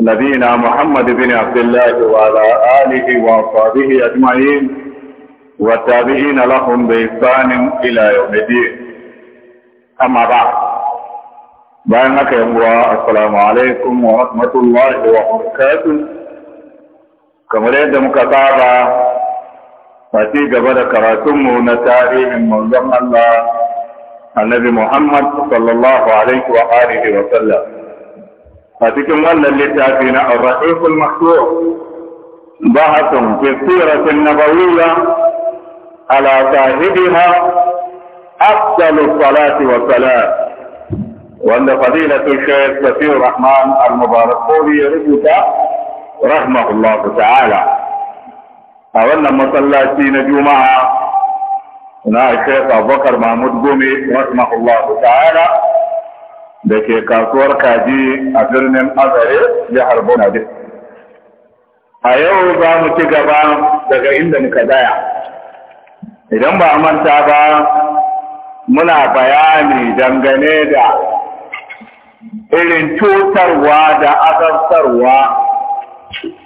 نبينا محمد بن عبد الله وعلى آله وصحبه أجمعين والتابعين لهم بإحسان إلى يوم الدين أما بعد بأنك يا السلام عليكم ورحمة الله وبركاته كما رأيت مكتابة فاتي قبل كراتمه من الله annabi Muhammad sallallahu alaihi wa alihi wa sallam a cikin wannan littafi na Ar-Rahiful Mahdur bahatun fi siratin nabawiyya ala sahibiha afdalu salati wa salam wanda fadilatu Shaykh Safiyur Rahman Al-Mubarakpuri ya rubuta rahmahullahu ta'ala a wannan masallaci na Juma'a na Sheikh Abubakar Mahmud Gome rahimahullahu ta'ala da ke kasuwar kaji a birnin Azare jihar Bonabe. A yau za mu ci gaba daga inda muka daya. Idan ba a manta ba muna bayani dangane da irin cutarwa da azabtarwa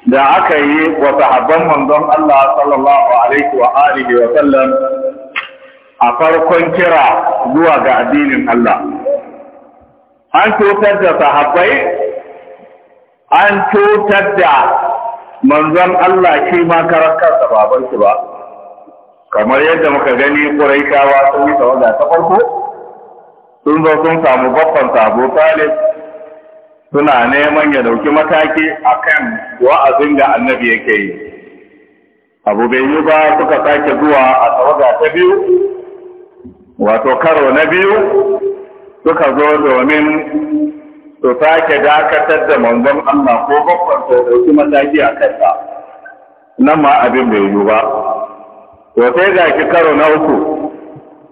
da aka yi wa sahabban manzon Allah sallallahu alaihi wa alihi wa sallam a farkon kira zuwa ga addinin Allah an cutar da sahabbai an cutar da manzon Allah shi ma karan da baban shi ba kamar yadda muka gani Quraishawa sun yi tawaga ta farko sun zo sun samu babban sabo Talib suna neman ya dauki mataki akan wa'azin da annabi yake yi abu bai yi ba suka sake zuwa a tawaga ta biyu wato karo na biyu suka zo domin su sake dakatar da manzon Allah ko bakwai ko dauki mataki a kansa nan ma abin bai yiwu ba to sai ga ki karo na uku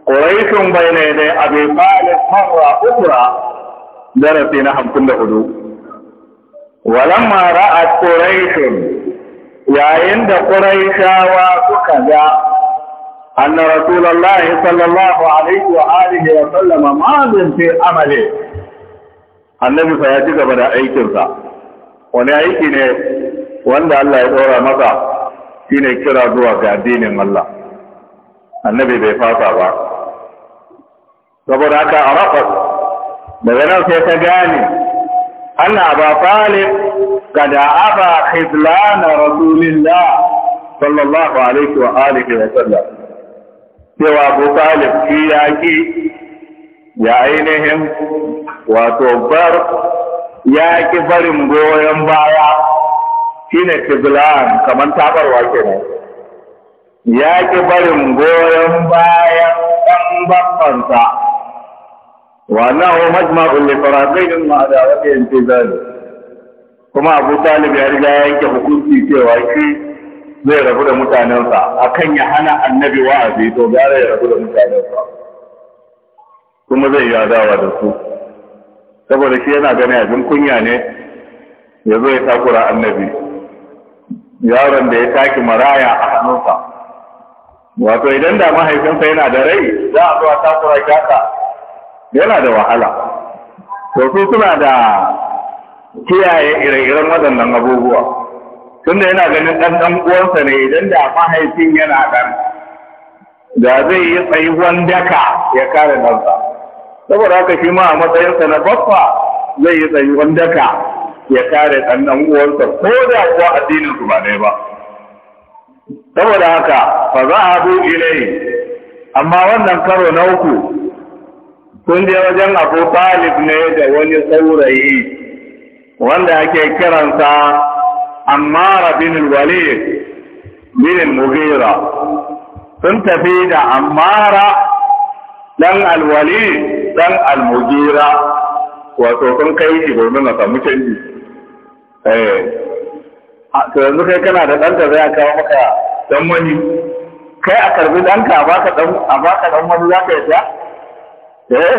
quraishun bayna abin abi talib marra ukra darasi na 54 walamma ra'at quraishun yayin da quraishawa suka ga أن رسول الله صلى الله عليه وآله وسلم ماض في عمله النبي سيأتي بدا أيكنسا wani aiki ne wanda Allah ya ɗora masa shine kira zuwa ga addinin Allah annabi bai fasa ba saboda haka a rafas daga nan sai ta gane ana ba falib kada aba khizlana rasulillah sallallahu alaihi wa alihi wa sallam cewa Abu Talib shi ya ki ya ainihin wato bar ya ki barin goyon baya shi ne tiblan kamar tabarwa ne. ya ki barin goyon bayan ɗan babbansa wannan wa majma'ul li faraqayn ma da wata intizali kuma Abu Talib ya riga yanke hukunci cewa shi zai rabu da mutanensa a kan ya hana annabi wa'azi to gara ya rabu da mutanensa kuma zai yi adawa da su saboda shi yana gani abin kunya ne ya zo ya takura annabi yaron da ya taki maraya a hannunsa wato idan da mahaifinsa yana da rai za a zo a takura kyasa yana da wahala to su suna da kiyaye ire-iren waɗannan abubuwa tunda yana ganin ɗan ɗan uwansa ne idan da mahaifin yana ɗan da zai yi tsayuwan daka ya kare ɗansa saboda haka shi ma a matsayinsa na baffa zai yi tsayuwan daka ya kare ɗan ɗan uwansa ko da kuwa addinin su ba ɗaya ba saboda haka fa za a bu ilai amma wannan karo na uku kun je wajen abu talib ne da wani saurayi wanda ake kiransa ammar bin al-walid bin al-mughira sun tafi da ammara dan al-walid dan al-mughira wato sun kai shi domin a samu canji eh to yanzu kai kana da ɗanka zai kawo maka dan wani kai a karbi ɗanka a baka dan a baka dan wani zaka yi ta eh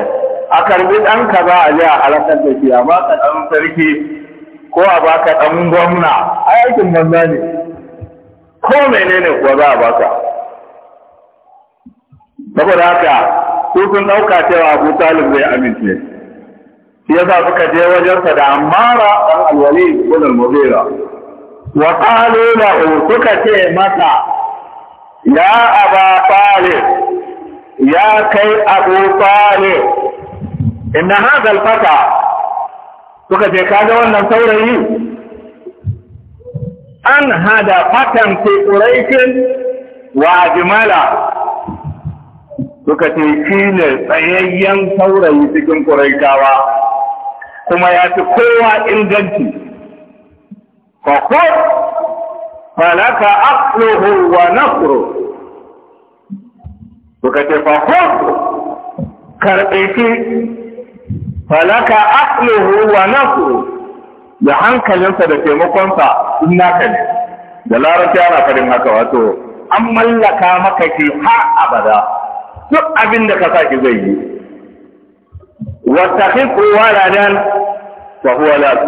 a karbi ɗanka ba a je a halakar da shi a baka dan sarki ko a baka ɗan gwamna a yakin banza ne ko menene kuwa za a baka saboda haka su sun ɗauka cewa abu talib zai amince shi yasa suka je wajensa da amara ɗan alwali ibn al wa qalu lahu suka ce masa ya aba talib ya kai abu talib inna hadha al-fata suka ce kaga wannan saurayi an hada fatan fi wa jimala suka ce shi ne tsayayyen saurayi cikin kuraikawa. kuma ya fi kowa inganci kwakwai falaka akluhu wa nafro suka ce kwakwai karɓe shi falaka aqluhu wa nafsu da hankalinsa da taimakonsa in naka ne da larabci ana farin haka wato an mallaka maka ki ha abada duk abin da ka saki zai yi wattaqiqu waladan fa huwa lak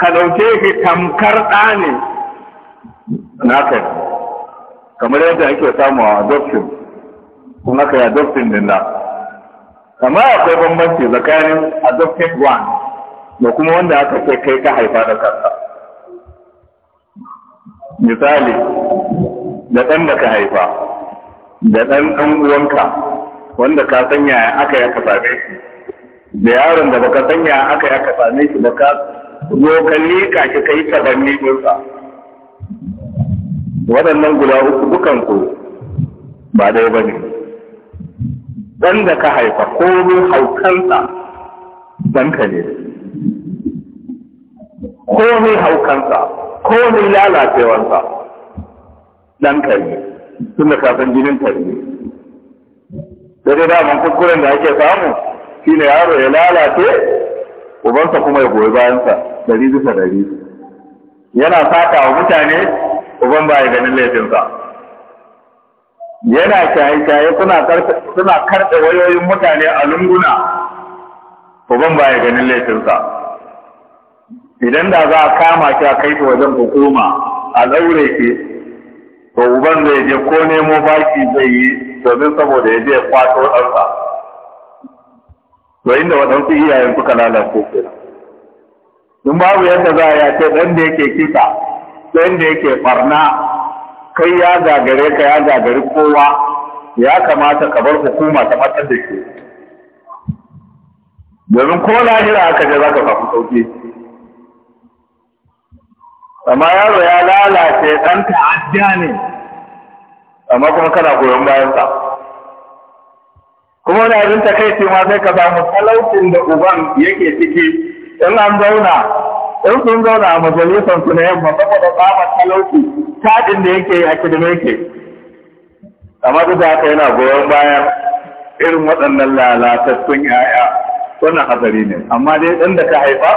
ka dauke shi tamkar ɗane naka ne kamar yadda ake samu a adoption kuma ka adoption din nan kamar akwai bambanci tsakanin adopted one da kuma wanda aka ce kai ka haifa da kanka misali da ɗan da ka haifa da ɗan ɗan uwanka wanda ka sanya aka yi aka same shi da yaron da baka sanya aka yi aka same shi da ka zo ka lika shi kai ka ban ɗinsa waɗannan guda uku dukanku ba dai ba ne wanda ka haifa komin haukansa danka ne komin haukansa komin lalacewansa danka ne da kafin jinin tarbi da dai daman kuskuren da ake samu shi ne yaro ya lalace ubansa kuma ya goyi bayansa dari bisa dari yana sata wa mutane uban ba ya ganin laifinsa yana shaye-shaye suna karɓe wayoyin mutane a lunguna uban baya ganin laifinsa idan da za a kama shi a kai shi wajen hukuma a zaure shi to uban zai je ko nemo baki zai yi domin saboda ya je kwato ɗansa to inda waɗansu iyayen suka lalace kenan in babu yadda za a yace ɗan da yake kisa ɗan da yake ɓarna kai ya gagare ka ya gagari kowa ya kamata ka bar hukuma ta matar da ke domin ko lahira aka je za ka kafi sauki amma yaro ya lalace ɗan ta'adda ne amma kuma kana goyon bayansa kuma wani abin takaici ma sai ka samu talaucin da uban yake ciki in an zauna in sun zauna a majalisar su na yamma saboda tsabar talauci tadin da yake a kidime yake amma duk da haka yana goyon bayan irin waɗannan lalatattun 'ya'ya wannan hatsari ne amma dai ɗan da ka haifa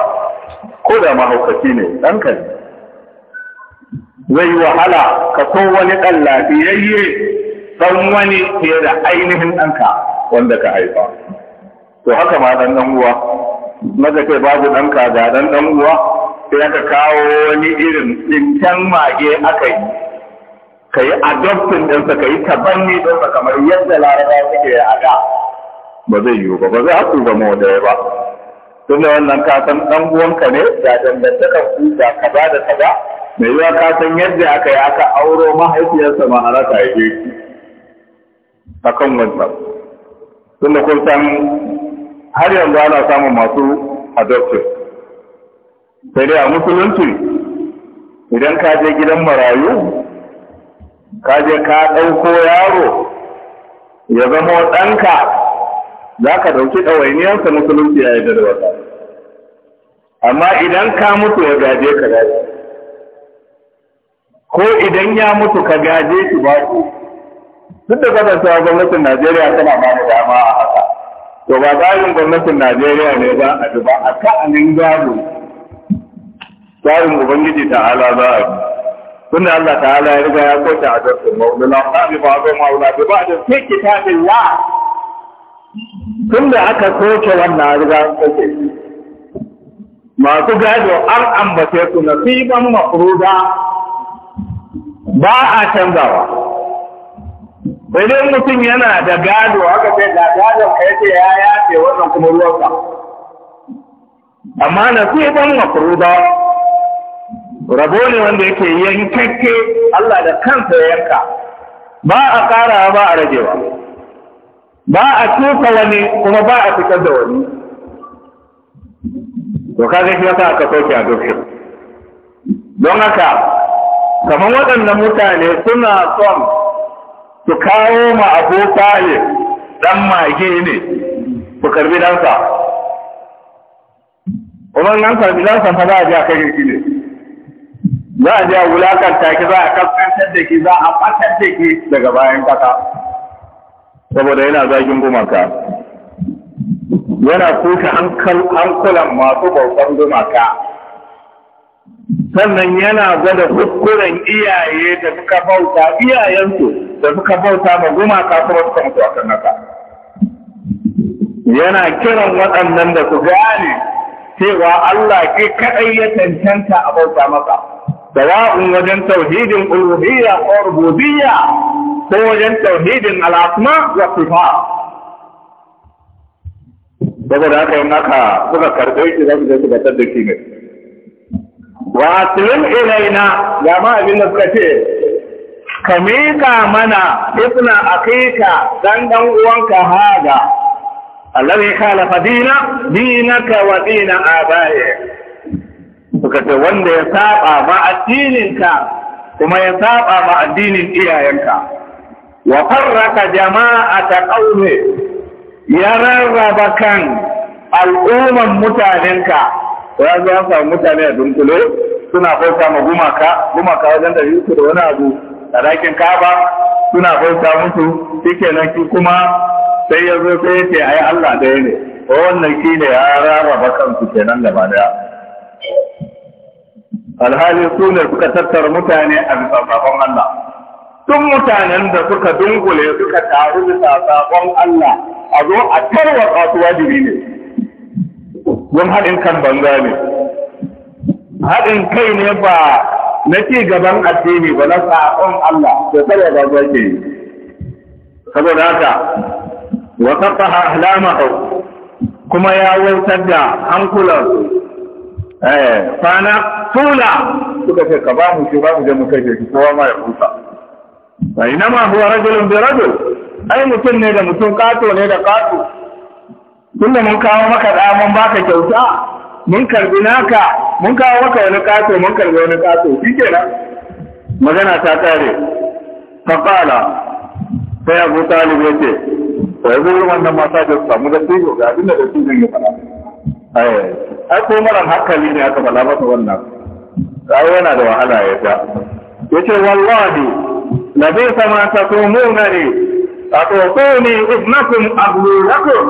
ko da mahaukaci ne ɗan ka zai yi wahala ka so wani ɗan lafiyayye ɗan wani fiye da ainihin ɗanka wanda ka haifa to haka ma ɗan ɗan uwa maza kai babu ɗanka ga ɗan ɗan uwa sai aka kawo wani irin tsinken mage aka yi ka yi adoptin ɗinsa ka yi tabanni ɗinsa kamar yadda laraba suke a da ba zai yiwu ba ba za ku zama ya ba Tun da wannan ka san ɗan ne da dangantakar kusa da kaza da kaza mai yiwa ka san yadda aka yi aka auro mahaifiyarsa ma har aka haife shi akan tun da kun san har yanzu ana samun masu adoptin sai dai a musulunci idan ka je gidan marayu ka je ka ɗauko yaro ya zama ɗanka za ka ɗauki ɗawainiyarsa musulunci ya yi da wata amma idan ka mutu ya gaje ka gaje ko idan ya mutu ka gaje shi ba duk da kasancewa gwamnatin Najeriya tana ba da dama a haka to ba tsarin gwamnatin Najeriya ne ba a duba a ka'anin gado tsarin ubangiji ta'ala za a bi tunda Allah ta'ala ya riga ya kwanta a darsin maulana ba bi ba ga maula bi ba da sai kitabin la tunda aka soke wannan riga an soke masu gado an ambace su na fiban mafruda ba a canzawa idan mutum yana da gado haka sai da gadon ka yace ya yace wannan kuma ruwanka amma na fiban mafruda rabo ne wanda yake yankakke Allah da kansa ya yanka ba a ƙara ba a ragewa ba a tuka wani kuma ba a fitar da wani to kaga shi yasa aka a adoption don haka kamar waɗannan mutane suna son su kawo ma abu sa'il ɗan mage ne su karbi dansa kuma nan karbi dansa fa za a ji a kai ne za a je a wulakanta ki za a kaskantar da ki za a fatar da ki daga bayan kaka. saboda yana zagin gumaka yana kuka hankulan masu bautan gumaka sannan yana gwada kuskuren iyaye da suka bauta iyayensu da suka bauta ma gumaka kuma suka mutu a kan haka yana kiran waɗannan da su gane cewa Allah ke kaɗai ya cancanta a bauta masa sawa'un wajen tauhidin uluhiyya ko rububiyya ko wajen tauhidin al'asma wa sifat saboda haka yin haka suka karɓe shi za su je su batar da shi ne wasilin ilaina ga ma abin da suka ce ka miƙa mana ibna akika dan dan uwanka haga allazi khalafa dina dinaka wa dina abaye suka ce wanda ya saba ma addininka kuma ya saba ba addinin iyayenka wa farraka jama'ata qaumi ya rarraba kan al'umman mutanenka ya zo samu mutane a dunkule suna bauta ma gumaka gumaka wajen da uku da wani abu a dakin kaba suna bauta musu nan ki kuma sai ya zo sai ya ce ai Allah ɗaya ne wannan kine ya rarraba kansu kenan gaba daya alhali su ne suka tattara mutane a bisa sabon Allah Tun mutanen da suka dungule suka taru bisa sabon Allah a zo a tarwa kasu wajibi ne don haɗin kan banza ne haɗin kai ne ba na ci gaban addini ba na sabon Allah da tarwa banza ke yi saboda haka wa taqaha ahlamahu kuma ya wautar da hankulansu eh fana tula suka ce ka ba mu shi ba mu je mu kai shi kowa ma ya kusa fa ina ma huwa rajulun bi rajul ai mutum ne da mutum kato ne da kato tunda mun kawo maka da mun baka kyauta mun karbi naka mun kawo maka wani kato mun karbi wani kato shikenan magana ta kare fa qala sai Abu Talib yace sai zo wannan mata da samu da tijo ga abin da tijo ya faɗa ai ko maran hankali ne aka bala masa wannan ai yana da wahala ya ta yace wallahi la bi sama taqumuna li atquni ibnakum aghlukum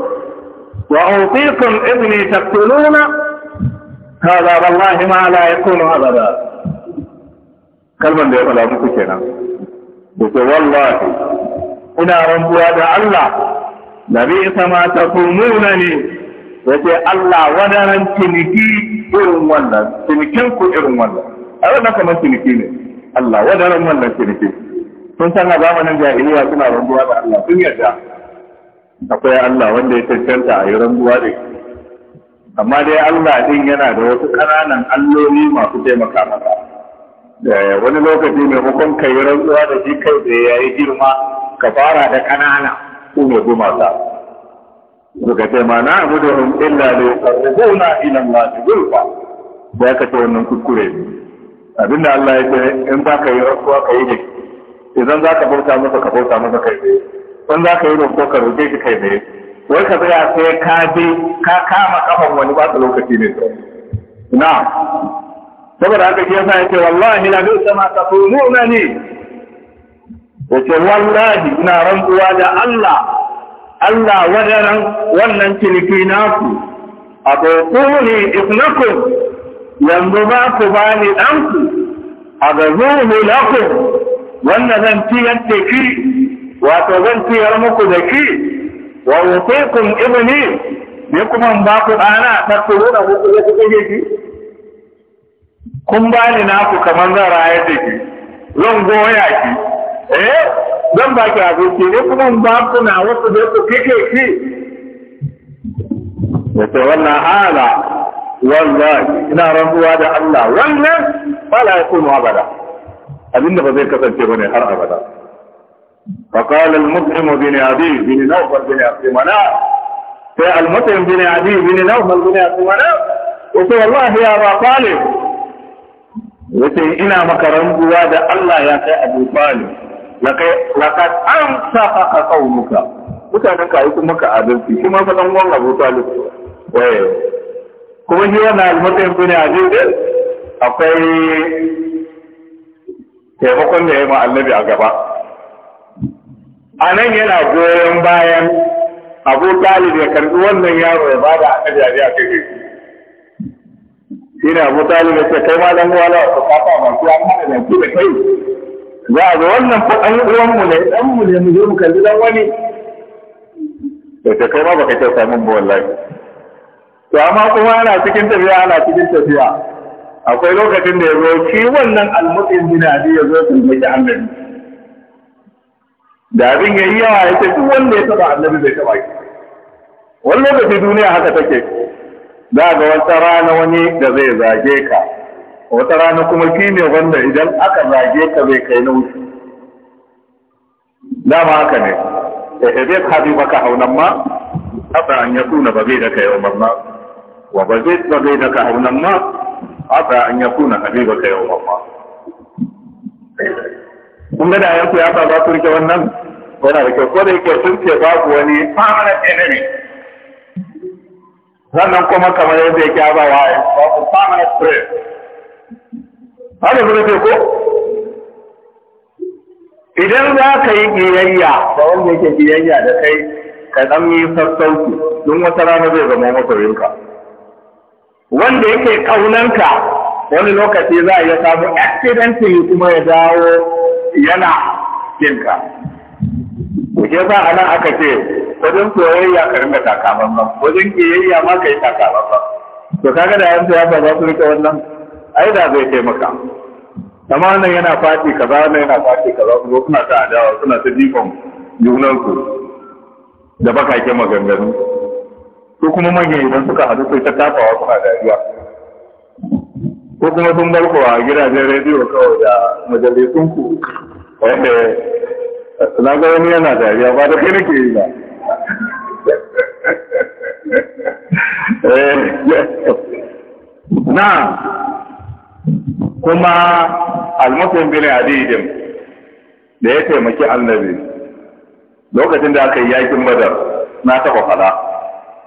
wa utikum ibni taqtuluna hada wallahi ma la yakunu abada kalman da ya fada muku kenan yace wallahi ina rantsuwa da Allah la bi sama taqumuna li Yace Allah wadaran ciniki irin wannan cinikin ku irin wannan a wannan kamar ciniki ne Allah wadaran wannan ciniki sun san a zamanin jahiliya suna rambuwa da Allah sun yarda akwai Allah wanda ya cancanta a yi rambuwa da amma dai Allah din yana da wasu ƙananan alloli masu taimaka masa wani lokaci mai hukun kai yi rantsuwa da shi kai da ya yi girma ka fara da ƙanana su ne gumasa suka ce ma na abu da hun illa ne ƙarfuna ilan masu gulfa da ya kace wannan kuskure abinda Allah ya ce in za ka yi rasuwa ka yi jiki, idan za ka bauta masa ka bauta masa kai ne in za ka yi roƙo ka roƙe shi kai ne wai ka tsaya sai ka bi ka kama kafan wani ba lokaci ne na saboda haka shi yasa ce wallahi na bin sama ne. Ya ce wallahi ina rantsuwa da Allah Allah wadaran wannan ciniki naku a ƙoƙuni ne yanzu ba ku ba ni ɗanku a ga zuhu laku wanda zan ciyar da ki wato zan ciyar muku da ki wa wutekun ibini, ne kuma ba ku ɗana ta turu da ku ya ki kun ba ni naku kamar zan rayar da ki zan goya ki eh don ba ki aboki ne kuma ba na wasu da su kike ki ya ce wannan hala wallahi ina rantsuwa da Allah wannan ba la yakunu abada abinda ba zai kasance bane har abada فقال المطعم بن عدي بن نوفل بن عبد مناف المطعم بن عدي بن نوفل بن عبد مناف وقال والله يا ابا طالب وتي انا مكرم جواد الله يا ابو طالب laqad amsaka qaumuka mutanen ka yi kuma ka adalci kuma fa dan gwan Abu Talib waye eh, kuma shi wannan almutai bin Aziz akwai taimakon da ya ma annabi a gaba a nan yana goyon bayan Abu Talib ya karbi wannan yaro ya bada annabi a kai kai shi ne abu talib ya ce kai ma dan wala ka kafa masu an hana da kai za a ga wannan fa an uwanmu ne dan mu ne mu je mu kalli dan wani to ta kai ma baka kyauta min ba wallahi to amma kuma ana cikin tafiya ana cikin tafiya akwai lokacin da ya zo shi wannan almutsin dinadi ya zo sun mai annabi da abin ya yi yawa ya ce duk wanda ya taba annabi bai taba shi wani lokaci duniya haka take za ga wata rana wani da zai zage ka wata rana kuma shi ne wanda idan aka zage ka bai kai na wuce dama haka ne da ka bi baka haunan ma haka an ya tuna ba zai daka yau ma wa ba zai ba zai daka haunan ma haka an ya tuna haɗu baka yau ma kun ga da ya ku ya ba za ku rike wannan yana da kyau ko da yake sun ce babu wani permanent enemy sannan kuma kamar yadda ya kyaba yake abawa babu permanent prayer haka kuma ce ko idan za ka yi ƙiyayya da wanda yake ƙiyayya da kai ka ɗan yi sassauci don wata rana zai zama masarinka. wanda yake ƙaunanka wani lokaci za a iya samu accidentin kuma ya dawo yana kinka Kuke sa a nan aka ce wajen soyayya ka rinka takamanman wajen ƙiyayya ma ka yi takamanman to kaga da yanzu ya ba za su rika wannan ai da zai taimaka amma nan yana fati kaza nan yana fati kaza kuma suna ta adawa suna ta jikon junansu da bakaken maganganu ko kuma manyan idan suka haɗu sai ta tafawa suna dariya ko kuma sun bar a gidajen rediyo kawai da majalisunku eh, na ga wani yana dariya ba da kai nake yi ba eh, na kuma almusin bin adidin da ya taimaki annabi lokacin da aka yi yakin badar na taɓa fada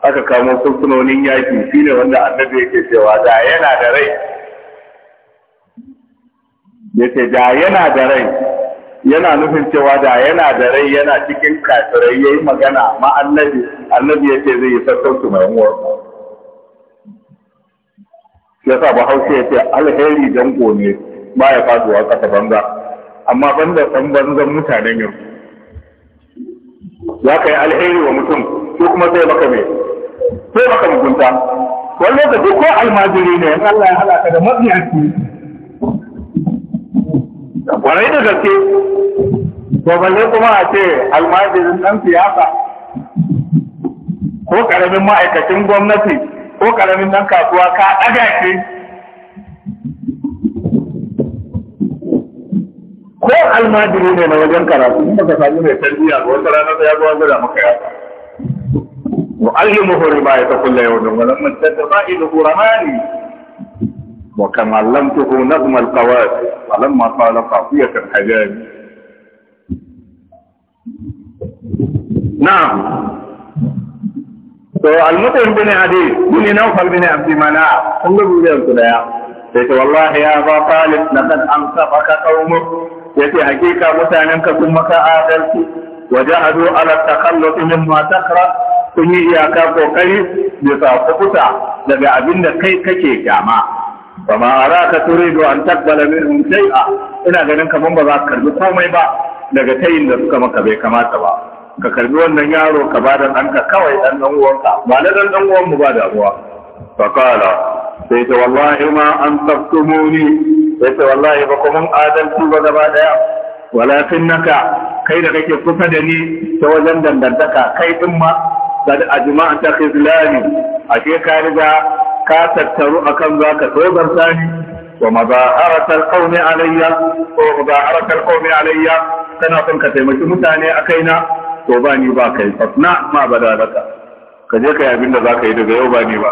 aka kamo fursunonin shi shine wanda annabi yake cewa da yana da rai ce da yana da rai yana nufin cewa da yana da rai yana cikin ya yi magana ma annabi annabi ce zai yi sassauci mai muwar ya sa bahaushe ya ce alheri dango ne ba ya faduwa kasa banza amma banza san banzan mutanen yau ya kai alheri wa mutum Ko kuma sai maka mai ko maka mugunta wani lokaci ko almajiri ne in Allah ya halaka da mabiyanci kwarai da gaske to balle kuma a ce almajirin dan siyasa ko karamin ma'aikacin gwamnati ko ƙaramin nan kasuwa ka ɗaga shi ko almajiri ne na wajen karatu kuma ka sami mai tarbiyya ga wata rana ya zuwa an maka ya ta. ta Wa alli muhuri ba ya mu'allimuhu ribayata kullu yawmin wa lam tatafa'iluhu ramani wa kam 'allamtuhu nazm al-qawad wa lamma qala qafiyat kan hajjari. na'am to almutin bin adi bin nawfal bin abdi mana kun ga duniyar su daya sai to wallahi ya ba talib laqad amsaka qaumuk yace hakika mutanen ka sun maka adalci wajahadu ala takallus mimma takra kun yi iyaka kokari bisa kukuta daga abinda kai kake kyama ba ma araka turidu an takbala minhum shay'a ina ganin kaman ba za ka karbi komai ba daga tayin da suka maka bai kamata ba ka karbi wannan yaro ka ba da ɗanka kawai ɗan ɗan uwanka ba na ɗan ɗan uwan ba da ruwa sai ta wallahi ma an muni. sai ta wallahi ba kuma adalci ba gaba ɗaya walakin naka kai da kake kusa da ni ta wajen dangantaka kai din ma a ajma'a ta khizlani ashe ka riga ka tattaru akan zaka tsogarta ni wa mazaharatal qawmi alayya wa mazaharatal qawmi alayya kana son ka taimaki mutane a kaina to ba ni ba kai fasna ma bada raka ka je kai abin da za ka yi daga yau ba ni ba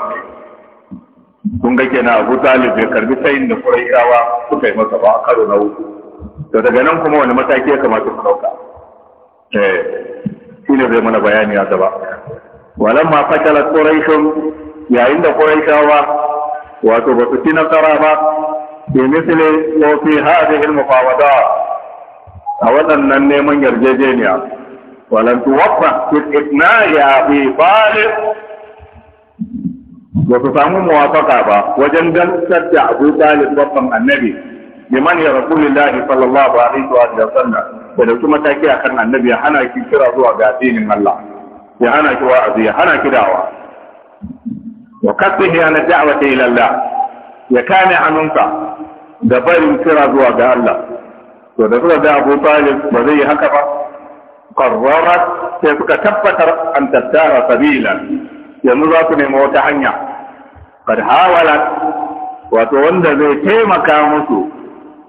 kun ga kenan Abu Talib ya karbi sayin da Quraishawa suka yi masa ba karo na uku to daga nan kuma wani mataki ya kamata ku dauka eh shine zai mana bayani a gaba ma fatala Quraishun yayin da Quraishawa wato ba su ci nasara ba bi misli ko fi hadhihi al-mufawadat a waɗannan neman yarjejeniya ولن توفق في الإثناء يا أبي طالب وتسامو موافقة با وجندل سد أبو طالب وفق النبي لمن يا رسول الله صلى الله عليه وسلم ولو كما تاكي أخرنا النبي حنا كيرا زوا قاتين من الله يحنا كوا انا حنا كدعوة وكفه أن الدعوة إلى الله يكان عنك دبر كرا زوا قال الله وذكر أبو طالب وزي هكذا qarrarat sai suka tabbatar an tattara sabila yanzu za su nemi wata hanya qad hawalat wato wanda zai taimaka musu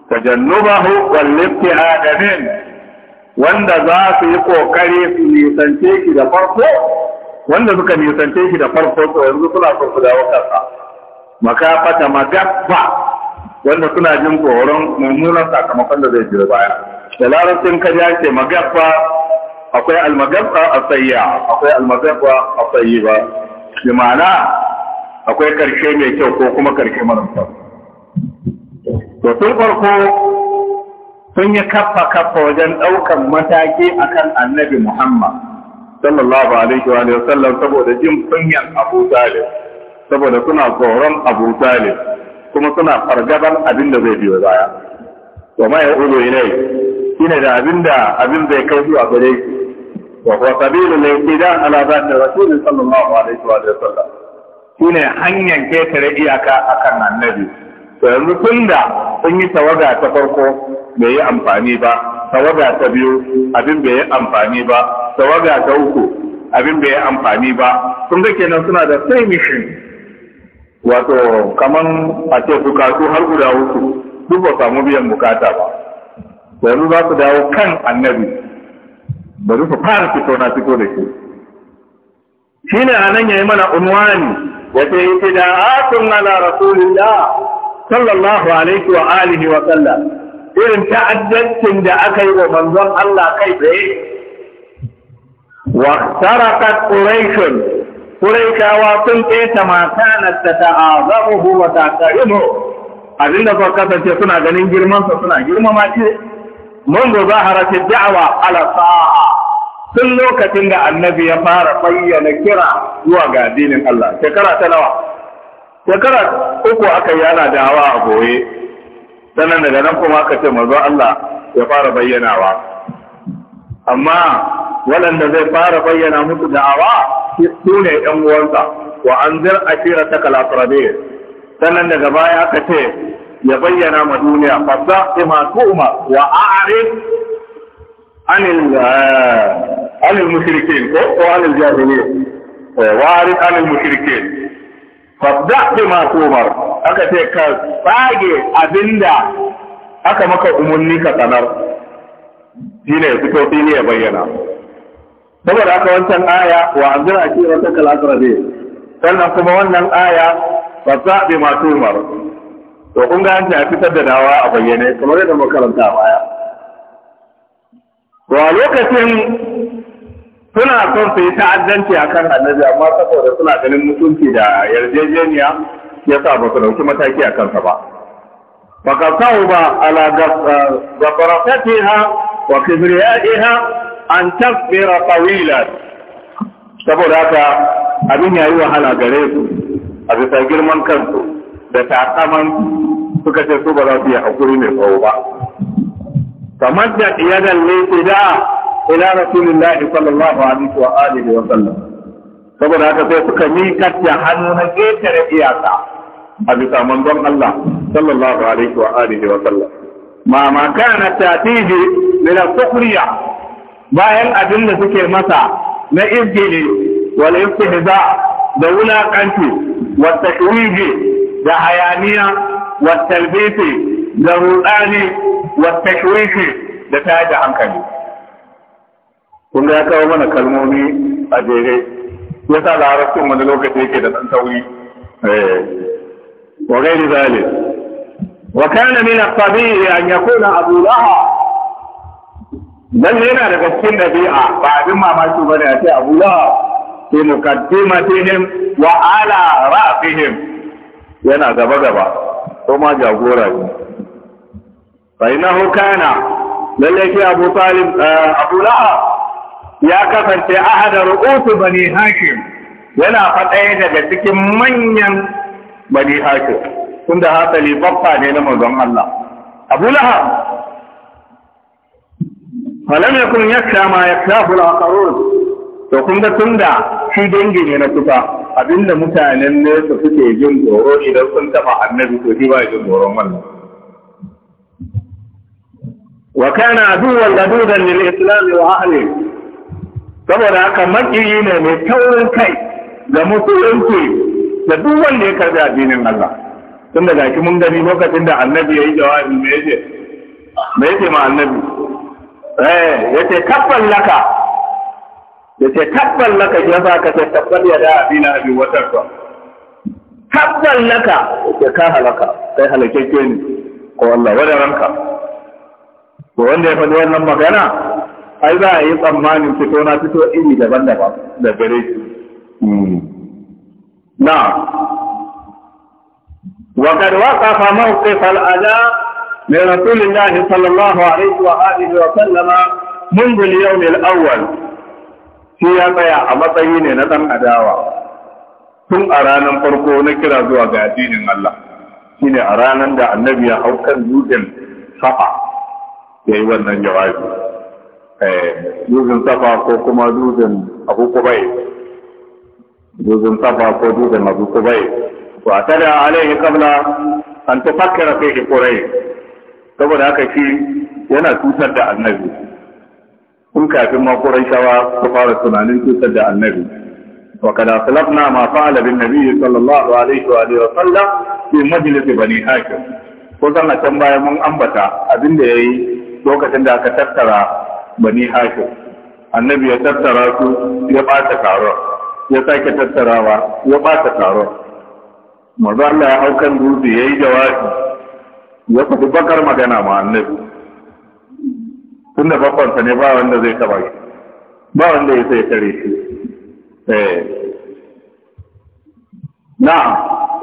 tajannubahu wal ibtiada min wanda za su yi kokari su nisance shi da farko wanda suka nisance shi da farko to yanzu suna so su dawo kansa makafata magabba wanda suna jin tsoron mummunan sakamakon da zai jira baya da larabcin kaji ake magabba akwai almagabba a tsayya akwai almagabba a tsayi ba bi ma'ana akwai karshe mai kyau ko kuma karshe mara kyau to tun farko sun yi kaffa kaffa wajen ɗaukan mataki akan annabi muhammad sallallahu alaihi wa sallam saboda jin kunyan abu talib saboda suna tsoron abu talib kuma suna fargaban abin da zai biyo baya wa ma ya ulo ne shine da abin da abin zai kai zuwa gare shi وهو da ala على ذات الرسول صلى الله عليه وسلم shine hanyar ketare iyaka akan annabi to yanzu tun da sun yi tawaga ta farko bai yi amfani ba tawaga ta biyu abin bai yi amfani ba tawaga ta uku abin bai yi amfani ba sun ga kenan suna da sai mission wato kaman a ce bukatu har guda uku duk ba samu biyan bukata ba yanzu za ku dawo kan annabi bari su fara fito na fito da shi Shi ne a nan ya yi mana unwani da ibtida'atun ala rasulillah sallallahu alaihi wa alihi wa sallam irin ta'addancin da aka yi wa manzon Allah kai tsaye wa sarakat quraishun quraishawa sun keta mata na ta ta'azamuhu wa ta'karimu abinda ko kasance suna ganin girman sa suna girmama shi a ظهرت da'awa ala sa'a tun lokacin da annabi ya fara bayyana kira zuwa ga addinin Allah shekara ta nawa shekara uku aka yi ana dawa a goye sannan daga nan kuma aka ce mazo Allah ya fara bayyanawa amma waɗanda zai fara bayyana musu da'awa su ne ‘yan uwansa wa an zir ashira ta kalafarabe sannan daga baya aka ce ya bayyana ma duniya fasa ima tuma wa a'arif anil عن المشركين ko ko anil jahiliyya eh, warid anil mushrikin fabda bima tumar aka ce ka tsage abinda aka maka umarni ka sanar ya fito fili ya bayyana saboda haka wancan aya wa anzira ashirata kal aqrabi sannan kuma wannan aya fabda ma tumar to kun ga an ta fitar da dawa a bayyane kamar yadda makaranta baya to a lokacin suna son su yi ta'addanci a kan annabi amma saboda suna ganin mutunci da yarjejeniya ya sa ba su ɗauki mataki a kansa ba. ka sau ba ala gafarafatiha wa kibriya'iha an tasbira tawila saboda haka abin ya yi wahala gare su a bisa girman kansu da takaman suka ce su ba za su yi haƙuri mai tsawo ba. Kamar da iyadar laifi da ila rasulillahi sallallahu alaihi wa alihi wa sallam saboda haka sai suka miƙar da hannu na ƙetare iyaka a bisa manzon Allah sallallahu alaihi wa alihi wa sallam ma ma kana tatiji min al-sukhriya bayan abin da suke masa na izgili wal istihza da wulakanci wa takwiji da hayaniya wa talbisi da rudani wa tashwishi da da hankali kun ya kawo mana kalmomi a jere ya sa larabcin wani lokaci yake da ɗan sauri wa gairi zali wa kana min at-tabi'i an yakuna abu laha dan yana daga cikin dabi'a ba abin mamaki bane a ce abu laha fi muqaddimatihim wa ala ra'fihim yana gaba gaba ko ma jagora ne fa innahu kana lalle ki abu talib abu laha ya kasance ahada ru'usu bani hakim yana faɗaya daga cikin manyan bani hashim tunda hasali babba ne na mazan Allah Abu Lahab falam yakun yaksha ma yakshafu al-aqarun to kun ga tunda shi dangi ne na tufa abinda mutanen nesa suke jin tsoro idan sun taba annabi to shi ba jin tsoron wannan wa kana duwan ladudan lil islam wa ahli saboda haka makiri ne mai taurin kai da musulunci da duk wanda ya karbi addinin Allah tun daga ki mun gani lokacin da annabi ya yi jawabi me yace me yace ma annabi eh yace kabbal laka yace kabbal laka yasa ka ce kabbal ya da abina abi watar ko kabbal laka yace ka halaka kai ke ne ko Allah wadaranka to wanda ya faɗi wannan magana ai za a yi tsammanin fito na fito iri daban-daban da gare shi hmm. na وقد وقف موقف الأداء لرسول الله صلى الله عليه وآله وسلم yau اليوم الأول shi ya tsaya a matsayi ne na ɗan adawa tun a ranar farko na kira zuwa ga addinin Allah shi a ranar da annabi ya hau kan dutsen safa ya yi wannan jawabi Eh, dutsen safa ko kuma dutsen abubuwai kubai dutsen safa ko dutsen abu kubai wa tada alaihi qabla an kai fihi qurai saboda haka shi yana tutar da annabi kun kafin ma shawa su fara tunanin tutar da annabi wa kada salafna ma fa'ala bin nabi sallallahu alaihi wa alihi wa sallam fi majlis bani hakim ko san a can baya mun ambata abin da yayi lokacin da aka tattara bani hake. annabi ya tattara su ya bata taron ya sake tattarawa ya bata taron Maza Allah ya aukan kan dutse yayi jawabi ya faɗi bakar magana ma annabi tunda babbansa ne ba wanda zai taba shi ba wanda ya sai tare shi eh na'am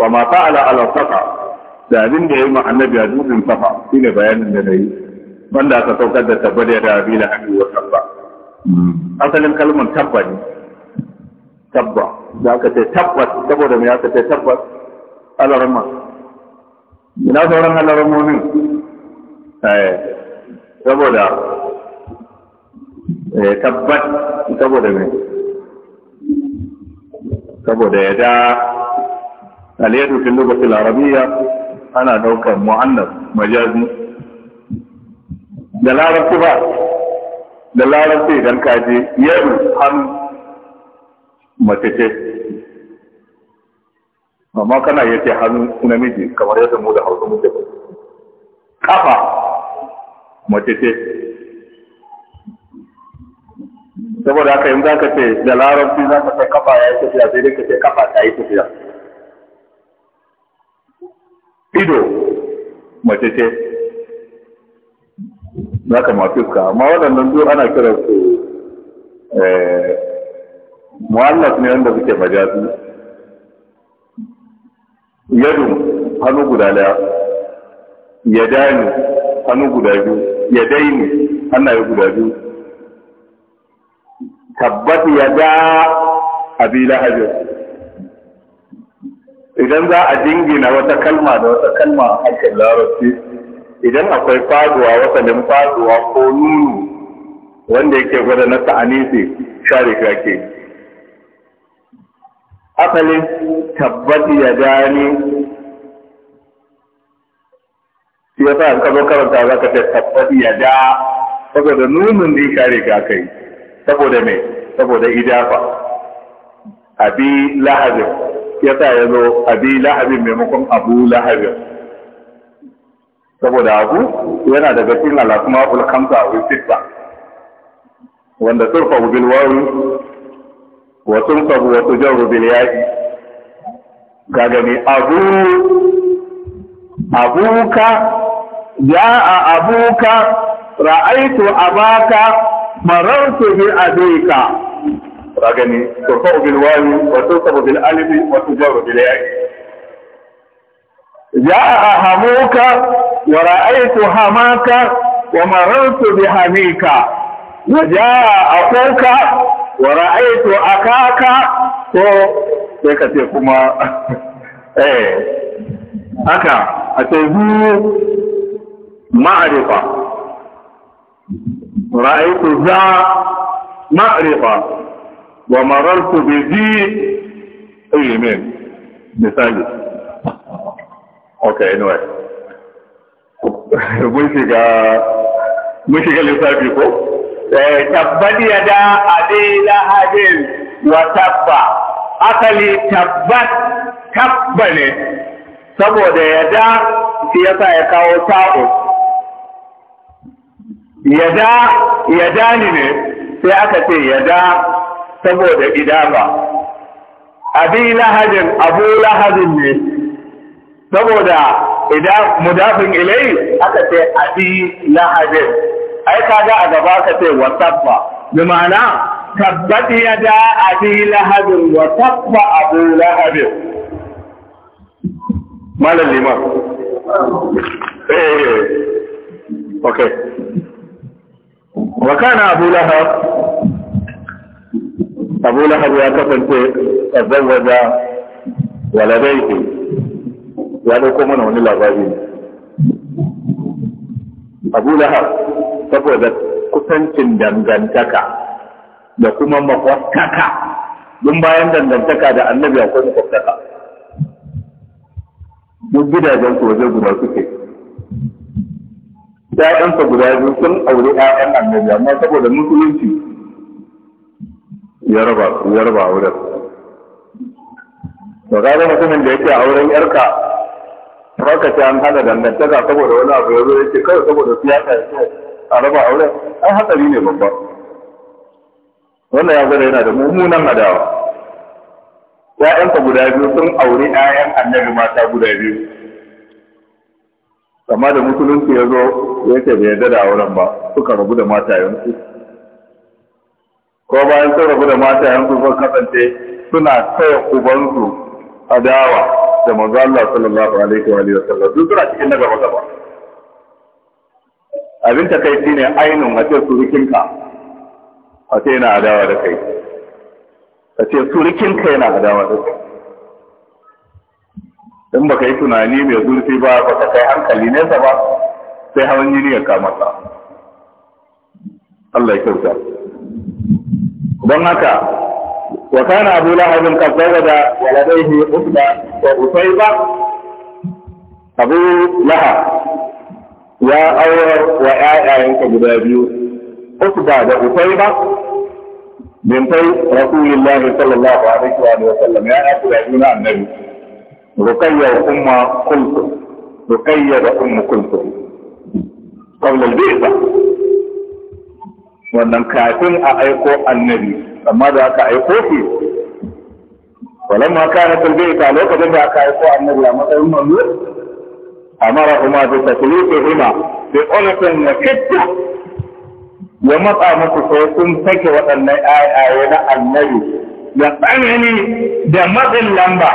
wa ma fa'ala ala safa da abin da yayi ma annabi a dutsen safa shine bayanin da nayi banda aka saukar da tabba da yada bi na hannu wa tabba asalin kalmar tabba ne tabba da aka ce tabbas saboda me aka ce tabbas alarma ina sauran alarmomin eh, saboda eh, tabbat saboda me saboda ya da aliyadu fil lughati al ana daukar mu'annas majazi da larabci ba da larabci idan ka je yadu hannu mace ce amma kana yace hannu namiji kamar yadda mu da hausa muke kafa mace ce saboda haka in za ka ce da larabci za ka ce kafa ya yi tafiya sai dai ka ce kafa ta yi tafiya ido mace ce na kama fiska amma waɗannan duk ana kiran su eh, mu'allaf ne wanda suke majazi yadu hannu guda daya dani hannu guda biyu yadaini hannaye guda biyu tabbat ya da abi lahabin idan za a dingina wata kalma da wata kalma a harkar larabci idan akwai faduwa wasanin faduwa ko nunu wanda yake gwada na ta'anisi share ke asalin tabbati ya dani shi sa an kazo karanta za ka ce tabbati ya da saboda nunun da share ka kai saboda me saboda idafa abi lahabin yasa ya zo abi lahabin maimakon abu lahabin saboda abu yana daga cikin al'asuma khamsa wa sitta wanda turfa bil wawi wa tunsabu wa tujarru bil ya'i ga gani abu abuka a abuka ra'aitu abaka marartu bi abika ga gani turfa bil wawi wa tunsabu bil alif wa tujarru bil ya a hamuka ورأيت حماك ومررت بحميك وجاء أخوك ورأيت أكاك كما إيه haka a taizu ma'arifa ra'aitu za ma'arifa wa marartu bi zi ilimin misali okay anyway mun shiga lissafi ko eh, tabbat yada abi lahadin wa tabba asali tabbat tabba ne saboda yada shi sa ya kawo ta'u yada ni ne sai aka ce yada saboda idafa abi lahadin abu lahadin ne saboda idan mudafin ilai aka ce abi lahadin ai kaga a gaba ka ce wa tabba bi ma'ana tabbat yada abi lahadin wa tabba abu lahadin malam liman eh okay wa kana abu lahab abu lahab ya kasance tazawwaja waladaihi ya dauko mana wani labari ne abu lahab saboda kusancin dangantaka da kuma makwabtaka don bayan dangantaka da annabi akwai makwabtaka duk gidajen su waje guda suke ‘ya'yansa guda biyu sun aure ‘ya'yan annabi amma saboda musulunci ya raba ya raba auren to ga mutumin da yake auren yarka baka ce an hana dangantaka saboda wani abu ya zo ya kawai saboda siyasa ya a raba auren ai hatsari ne babba wannan ya zara yana da mummunan adawa ‘ya'yanka guda biyu sun auri ‘ya'yan annabi mata guda biyu amma da musulunci ya zo ya ce bai yarda da auren ba suka rabu da mata matayensu ko bayan sun rabu da mata matayensu sun kasance suna taya ubansu adawa da manzo Allah sallallahu alaihi wa alihi wasallam duk suna cikin na gaba gaba abin ta kai shine ainun a ce surukinka a ce yana adawa da kai a ce surukinka yana adawa da kai in baka yi tunani mai zurfi ba baka kai hankali nesa ba sai hawan jini ya kama ka Allah ya kyauta don haka وكان أبو لهب قد زوج ولديه أسبة وأسيبة أبو لهب يا أورر وآية جبابيو أسبة وأسيبة بنتي رسول الله صلى الله عليه وآله وسلم يا أبو لهب النبي رقية وأم كلثوم رقية وأم كلثوم قبل البعثة wannan kafin a aiko annabi amma da aka aiko shi walamma kana ta lokacin da aka aiko annabi a matsayin manzo da bi huma bi unatin wa kitta ya matsa musu sai sun sake waɗannan ayaye na annabi ya tsanani da matsin lamba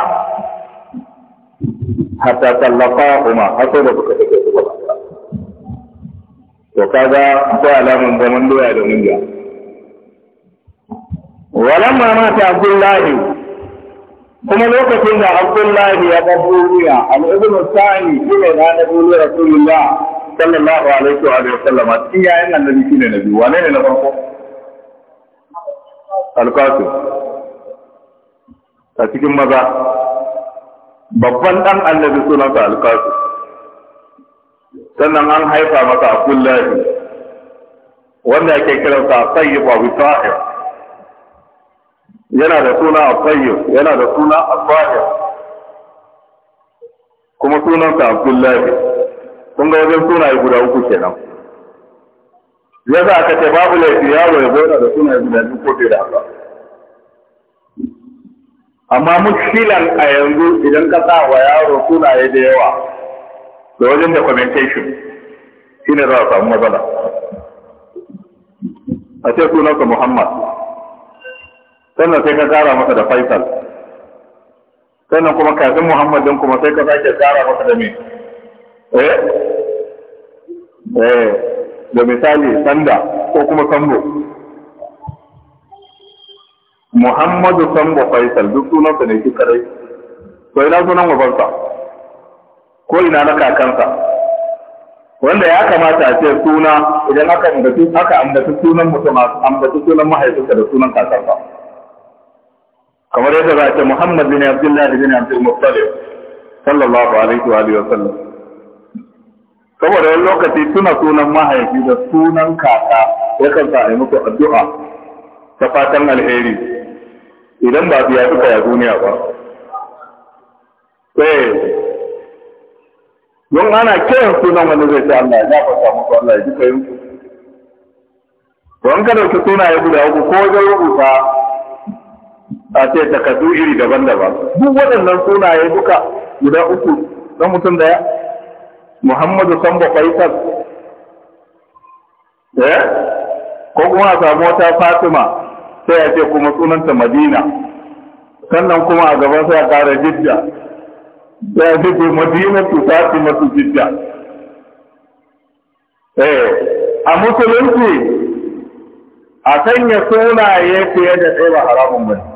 hatta tallafa kuma hatta da suka take su gaba to kaga ko alamun zaman doya da munja walamma mata abdullahi kuma lokacin da abdullahi ya bar duniya al'ibn sani shine da na رسول الله sallallahu alaihi wa واله cikin yayin ان النبي na biyu وانا ne na farko alqasim a cikin maza babban dan annabi sunansa alqasim sannan an haifa masa abdullahi wanda ake kiransa sayyid abu ta'ir yana da suna Abbayyar, yana da suna Abbayyar, kuma ta Abdullahi, kun ga wajen sunaye guda uku kenan. Ya za ka ce babu laifi yaro ya zauna da sunaye guda biyu ko da haka. Amma mushkilan a yanzu idan ka sa wa yaro sunaye da yawa da wajen da shi ne za a samu matsala. A ce sunansa Muhammad. sannan sai ka kara masa da faisal sannan kuma kafin muhammad din kuma sai ka sake kara masa da me eh eh da misali sanda ko kuma sambo muhammadu sambo faisal duk sunansa ne shi karai to ina sunan babansa ko ina na kakansa wanda ya kamata a ce suna idan aka ambaci sunan mutum ambaci sunan mahaifinsa da sunan kakansa kamar yadda za a ce Muhammad bin Abdullah bin Abdul Muttalib sallallahu alaihi wa alihi sallam saboda wani lokaci suna sunan mahaifi da sunan kaka ya kan sa a yi muku addu'a ta fatan alheri idan ba biya duka ya duniya ba eh don ana kiran sunan wani zai ce Allah ya gafarta muku Allah ya ji kayan ku don ka suna ya guda uku ko wajen rubuta a ce takardu iri daban-daban duk waɗannan sunaye duka guda uku na mutum daya Muhammadu Sambo Faisal eh ko kuma a samu wata Fatima sai a ce kuma sunanta Madina sannan kuma a gaban sai a ƙara Jidda sai a ce Madina tu Fatima tu Jidda eh a musulunci a sanya sunaye fiye da tsaye ba haramun bane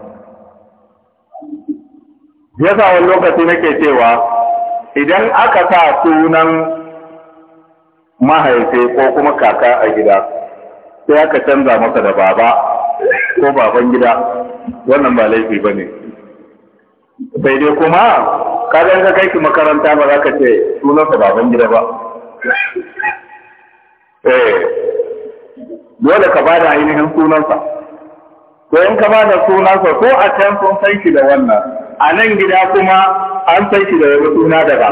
yasa wani lokaci nake cewa idan aka sa sunan mahaifi ko kuma kaka a gida sai aka canza masa da baba ko baban gida wannan ba laifi ba ne sai dai kuma ka ka kai ki makaranta ba za ka ce sunansa baban gida ba eh dole ka ba da ainihin sunansa ko in ka ba da sunansa ko a can sun san shi da wannan a nan gida kuma an san shi da wani suna daga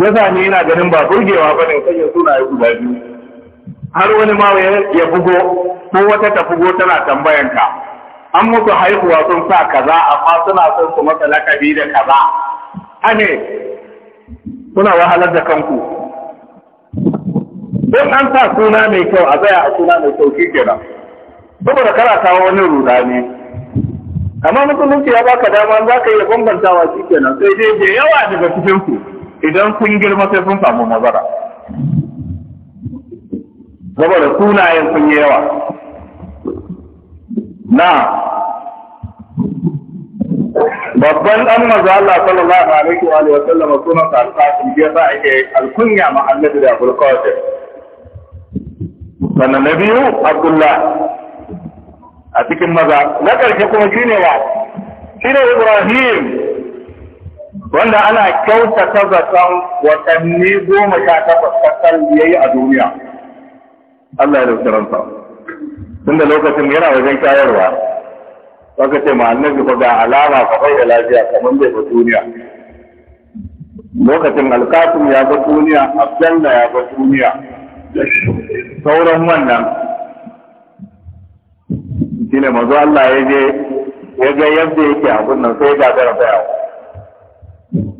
yasa ne yana ganin ba burgewa ba ne sanya suna ya guda biyu har wani ma ya bugo ko wata ta bugo tana tambayan ka an musu haihuwa sun sa kaza amma suna son su masa lakabi da kaza ane suna wahalar da kanku don an sa suna mai kyau a tsaya a suna mai kyau shi kenan saboda kana kawo wani rudani amma musulunci ya baka dama za ka iya bambantawa shi kenan sai dai da yawa daga cikin ku idan kun girma sai kun samu nazara saboda sunayen sun yi yawa na babban dan manzo Allah sallallahu alaihi wa alihi wa sallam sunan sa al-qasim ya sa ake al-kunya ma annabi da abul qasim sannan nabiyu abdullah a cikin maza na ƙarshe kuma shi ne ba. Shi ne Ibrahim wanda ana kyautata zaton watanni goma sha takwas ya yi a duniya Allah ya da dauki Tun da lokacin yana wajen shayarwa saka ce ma annabi ko ga alama ka bai da lafiya kamar zai ba duniya lokacin alkafin ya ga duniya abdalla ya ga duniya sauran wannan shi ne mazu Allah ya je ya ga yadda yake abin nan sai ga gara baya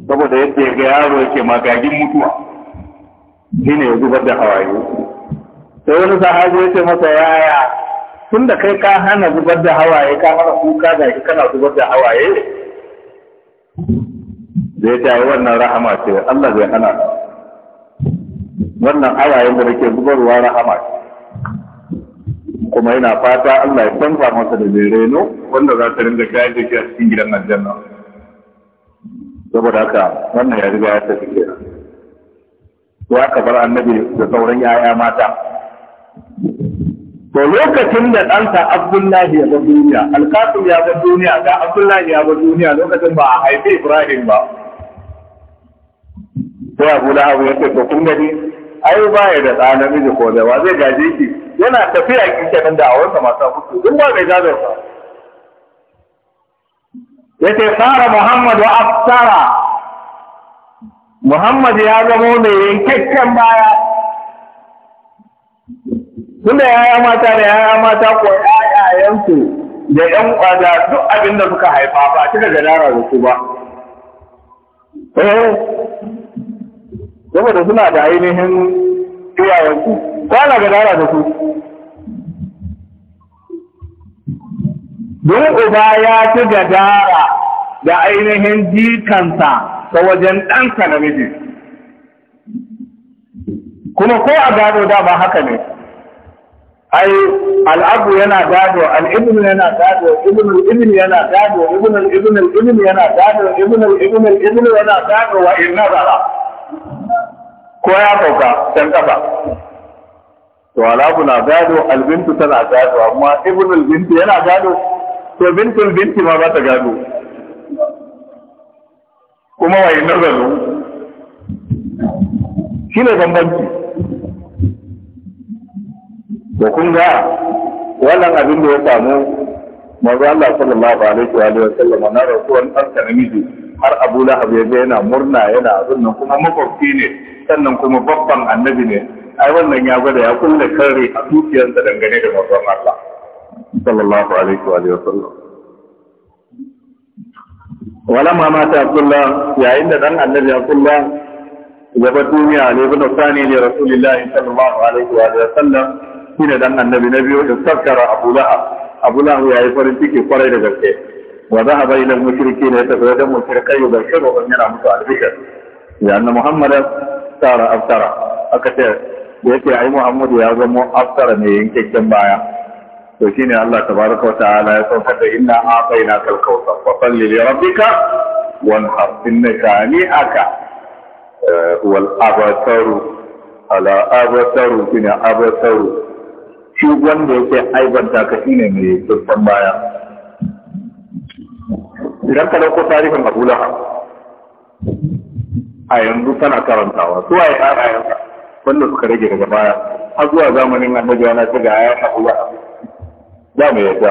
saboda yadda ya ga yaro yake magagin mutuwa shi ne ya zubar da hawaye sai wani sahabi ya ce masa yaya tun da kai ka hana zubar da hawaye ka hana kuka ga shi kana zubar da hawaye zai ta yi wannan rahama ce Allah zai hana wannan hawayen da nake zubarwa rahama ce kuma yana fata Allah ya canza masa da zai reno wanda za ta rinda kayan da ke a cikin gidan aljanna saboda haka wannan ya riga ya tafi kenan ya ka bar annabi da sauran yaya mata to lokacin da ɗansa Abdullahi ya ga duniya alkasim ya ga duniya ga Abdullahi ya ga duniya lokacin ba a haifi Ibrahim ba sai Abu lahabu ya ce to kun gani ai baya da ɗa namiji ko da wa zai gaje ki yana tafiya kike nan da awarsa mata fito duk ba mai gado Ya yace sara muhammad wa afsara muhammad ya zama ne yankakken baya tunda yi mata da ya yi mata ko yayayensu da yan kwada duk abin da suka haifa ba cika lara da su ba eh saboda suna da ainihin iyayenku ko gadara da su. Duk uba ya ci gadara da ainihin jikansa ta wajen ɗansa namiji kuma ko a gado dama haka ne ai al'abu yana gado al'ibn yana gado ibn al yana gado ibn al-ibn yana gado ibn al-ibn yana gado wa in nazara ko ya sauka can kafa to alabu na gado albintu tana gado amma ibnul binti yana gado to bintul binti ma ba ta gado kuma wai nazaru shi ne bambanci da kun ga wannan abin da ya samu manzo Allah sallallahu alaihi wa alihi wasallam na rasuwan ɗansa namiji har Abu Lahab ya ga yana murna yana abin nan kuma makwabci ne sannan kuma babban annabi ne ai wannan ya gwada ya kulle kare a dukiyarsa dangane da manzon Allah sallallahu alaihi wa sallam wala ma mata Abdullah yayin da dan annabi Abdullah ya bar duniya ne ibn Sani ne Rasulullahi sallallahu alaihi wa sallam shine dan annabi na biyu da sakkara Abu Lahab Abu Lahab yayi farin ciki kwarai da gaske wa zahaba ila mushriki ne ta da mushrikai da shiru ban yana musu albishir ya anna Muhammadan sara abtara aka ce da yake ai Muhammadu ya zama afsara mai yankakken baya to shine Allah tabaraka wa ta'ala ya sauka da inna aqaina kal kautsar fa salli li rabbika wanhar innaka ani'aka wal abtaru ala abtaru kina abtaru shi wanda yake aibanta ka shine mai yankakken baya idan ka dauko tarihin abulaha Lahab a yanzu kana karantawa su waye ayayansa wanda suka rage daga baya har zuwa zamanin annabi wani ta ga ya haɗu ba za mu yarda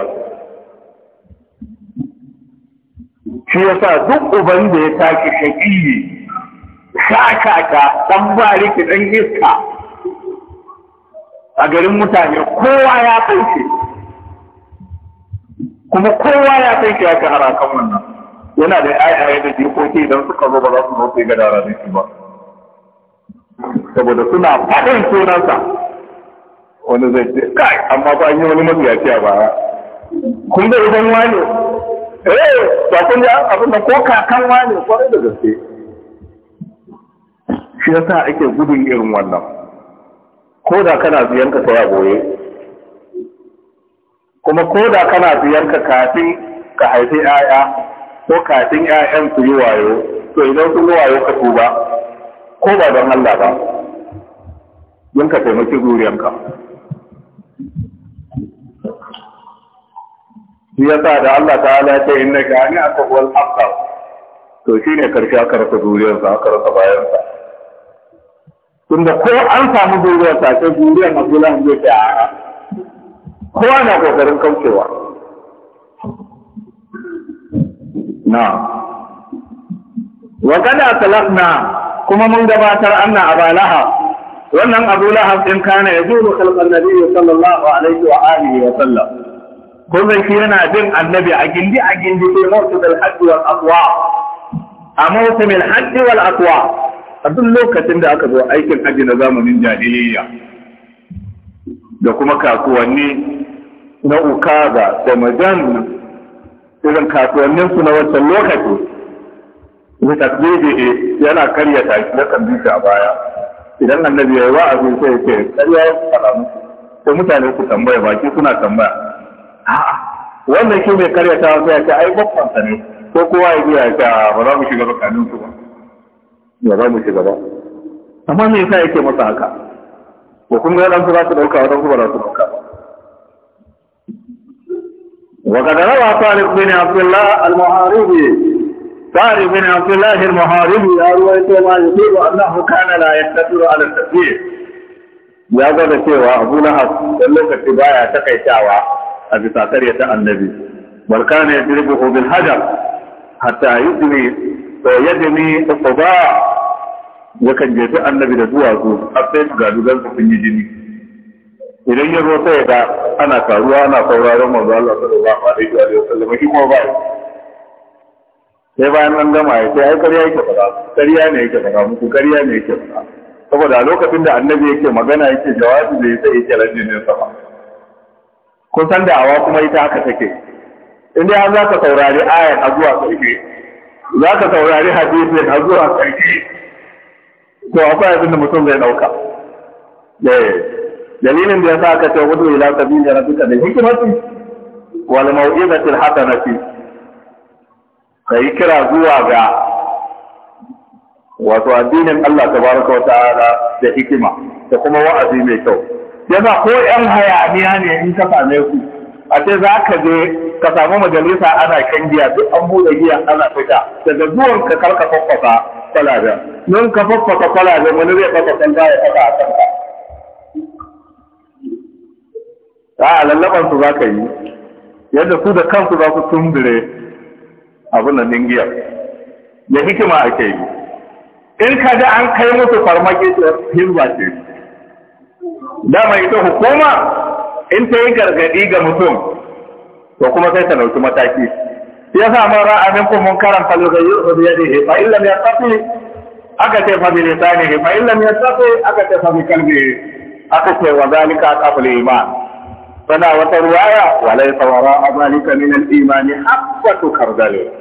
shi yasa duk uban da ya tashi shaƙiyi shakaka ɗan bariki ɗan iska a garin mutane kowa ya san kuma kowa ya san shi ya kan wannan yana da ayyaye da jikoki idan suka zo ba za su zo sai ga dara da shi ba saboda suna faɗin sunansa wani zai ce kai amma ba an yi wani mafiyaci a bara kun da idan wane eh ba kun ga abin da ko kakan wane kwarai da gaske shi yasa ake gudun irin wannan ko da kana biyan ka tsaya goye kuma ko da kana biyan ka kafin ka haifi 'ya'ya ko kafin 'ya'yan su yi wayo to idan sun yi wayo ka tuba ko ba don Allah ba don ka taimaki guriyanka. shi ya sa da Allah ta ala ta inna gani aka wal haqqa to shi ne karshe aka rasa zuriyarsa aka rasa bayansa tunda ko an samu zuriyarsa sai zuriyar Abdullahi zai ta ara ko ana kokarin kaucewa na wa kana talaqna kuma mun gabatar anna aba lahab wannan abu lahab din kana ya zuwa kalban nabi sallallahu alaihi wa alihi wa sallam kun shi yana bin annabi a gindi a gindi sai mawtu bil hajj wal aqwa a mawtu bil hajj wal aqwa a duk lokacin da aka zo aikin hajji na zamanin jahiliyya da kuma kasuwanni na ukaga da majan irin kasuwanninsu na wancan lokaci bi tasbihi yana karya ta na kan a baya idan annabi yayi wa'azi sai ya ce karya ya fara musu sai mutane su tambaya baki suna tambaya a'a wannan shi mai karya ta sai ya ce ai babban sa ne ko kowa ya biya ta ba za mu shiga tsakanin su ba ya za mu shiga ba amma me yasa yake masa haka ko kun ga dan su za su dauka wadan su ba za su dauka ba وقد روى طارق بن عبد الله المعارضي طارق بن عبد الله المحاربي يا رويته ما يصيب أنه كان لا يقتدر على التسبيح ya gwada cewa abu lahab don lokaci baya ta takaitawa a bisa ta annabi barka ne dirbuhu bil hajar Hata hatta yudmi to yadmi quba yakan jefi annabi da duwatsu har sai ga dugan su sun yi jini idan ya zo sai da ana karuwa ana sauraron manzo Allah sallallahu alaihi wa sallam shi kuma ba sai bayan an gama ya ce ai ƙarya yake faɗa ƙarya ne yake faɗa muku ƙarya ne yake faɗa saboda a lokacin da annabi yake magana yake jawabi zai sai yake rajin ne sama kun san da'awa kuma ita haka take in dai an zaka saurari ayar a zuwa za zaka saurari hadisin a zuwa ƙarshe to akwai abin da mutum zai ɗauka eh, dalilin da ya sa aka ce wudu ila sabili rabbika da hikmati wal na hasanati ka yi kira zuwa ga wato addinin Allah tabaraka wa ta'ala da hikima da kuma wa'azi mai kyau Yana ko yan hayaniya ne in ka same ku a ce za ka je ka samu majalisa ana kan giya duk an buɗe giya ana fita daga zuwan ka karka fafafa kwalaben nun ka fafafa kwalaben wani zai faffasa kan ya faɗa a kanka a lallaban su za ka yi yadda su da kansu za su tumbire abin nan din giya da hikima ake yi in ka ji an kai musu farmaki da hizba ce dama ita hukuma in ta yi gargadi ga mutum to kuma sai ta ɗauki mataki ya sa mun ra'a minkum da falyughayyirhu da yadi fa in ya tafi? aka ce fa bi lisanihi fa in ya tafi? aka ce fa bi qalbihi aka ce wa zalika qabl iman sana wata ruwaya walai tsawara a zalika min al-imani haqqatu kardale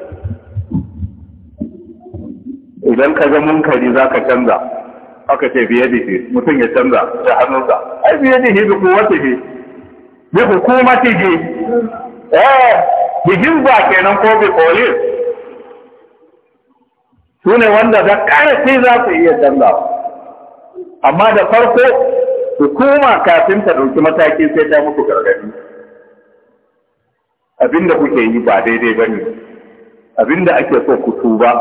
idan ka ga munkari za ka canza aka ce biye shi mutum ya canza da hannunsa ai biye shi, bi hukuma bi ji eh bi ba kenan ko bi qolis su ne wanda da sai za su iya canza amma da farko hukuma kafin ta ɗauki mataki sai ta muku gargaɗi abinda kuke yi ba daidai ba ne abinda ake so ku tuba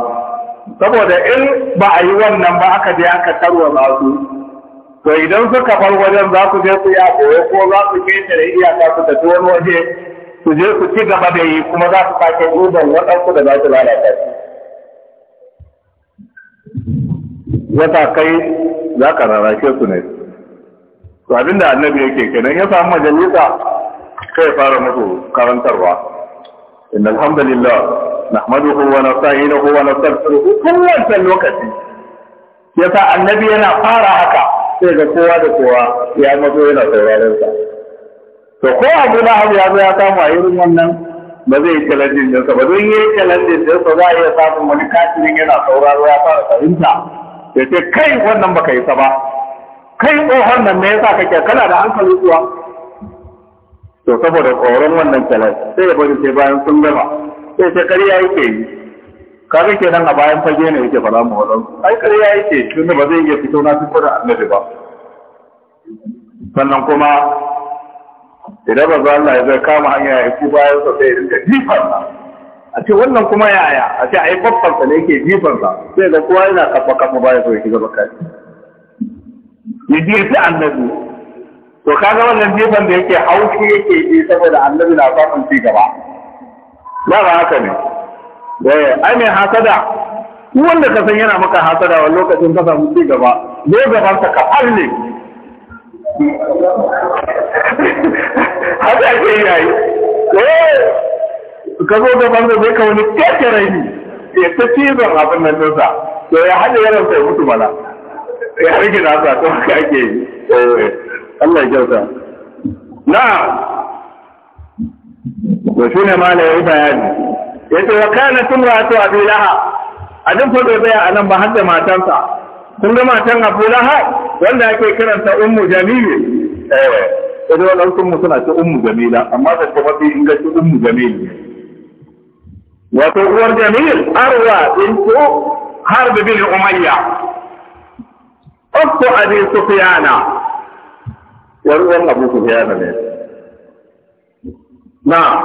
saboda in ba a yi wannan ba aka je aka tarwa ba su to idan suka bar wajen za su je su yi koyo ko za su da iyaka su tafi wani waje su je su ci gaba da yi kuma za su sake duban waɗansu da za su lalata su wata kai za ka rara su ne to abinda annabi yake kenan ya samu majalisa sai fara musu karantarwa inna alhamdulillah نحمده wa nasta'inuhu كل nastaghfiruhu الوقت lokaci yasa annabi yana fara haka sai ga kowa da kowa ya mazo yana sauraron sa to ko Abu Lahab ya zo ya samu جنسا irin wannan جنسا zai yi جنسا ɗinsa ba جنسا yi za a iya samun wani yana sauraro ya fara fahimta ya ce kai wannan baka yi ba kai tsohon nan me yasa kake kana da hankali zuwa? to saboda tsoron wannan challenge sai ya bari sai bayan sun gama sai eh, sai ƙarya yake yi kaga kenan a bayan fage ne yake fara mu wannan ai ƙarya yake tunda ba zai iya fito na fito da annabi ba sannan kuma idan ba za Allah ya zai kama hanya ya ku bayan sa sai rinka jifar na. a ce wannan kuma yaya a ce ai babban sa ne yake jifar sa sai ga kowa yana kafa kafa bayan sa yake gaba kai ya je ta annabi to kaga wannan jifan da yake haushi yake yi saboda annabi na samun ci gaba dama haka ne da eh, ai mai hasada wanda ka san yana maka hasada wa lokacin ka samu ci gaba ne gaban ka kafar ne haka ke yayi eh, ka zo gaban da zai ka wani rai ne ya ta zan abin nan nasa to ya hada yaran sai mutu bala ya rage nasa to haka ake yi eh, Allah ya kyauta na'am to shi ne ma ya yi bayani ya ce wa kana tun wato a fi laha a duk fa bai tsaya a nan ba har da matansa kun ga matan abu laha wanda ake kiranta ummu jamilu eh sai wadansu mu suna ce ummu jamila amma da kuma bi in ga ce ummu jamilu wato uwar jamil arwa bintu harb bin umayya uktu abi sufyana war uwar abu sufyana ne نعم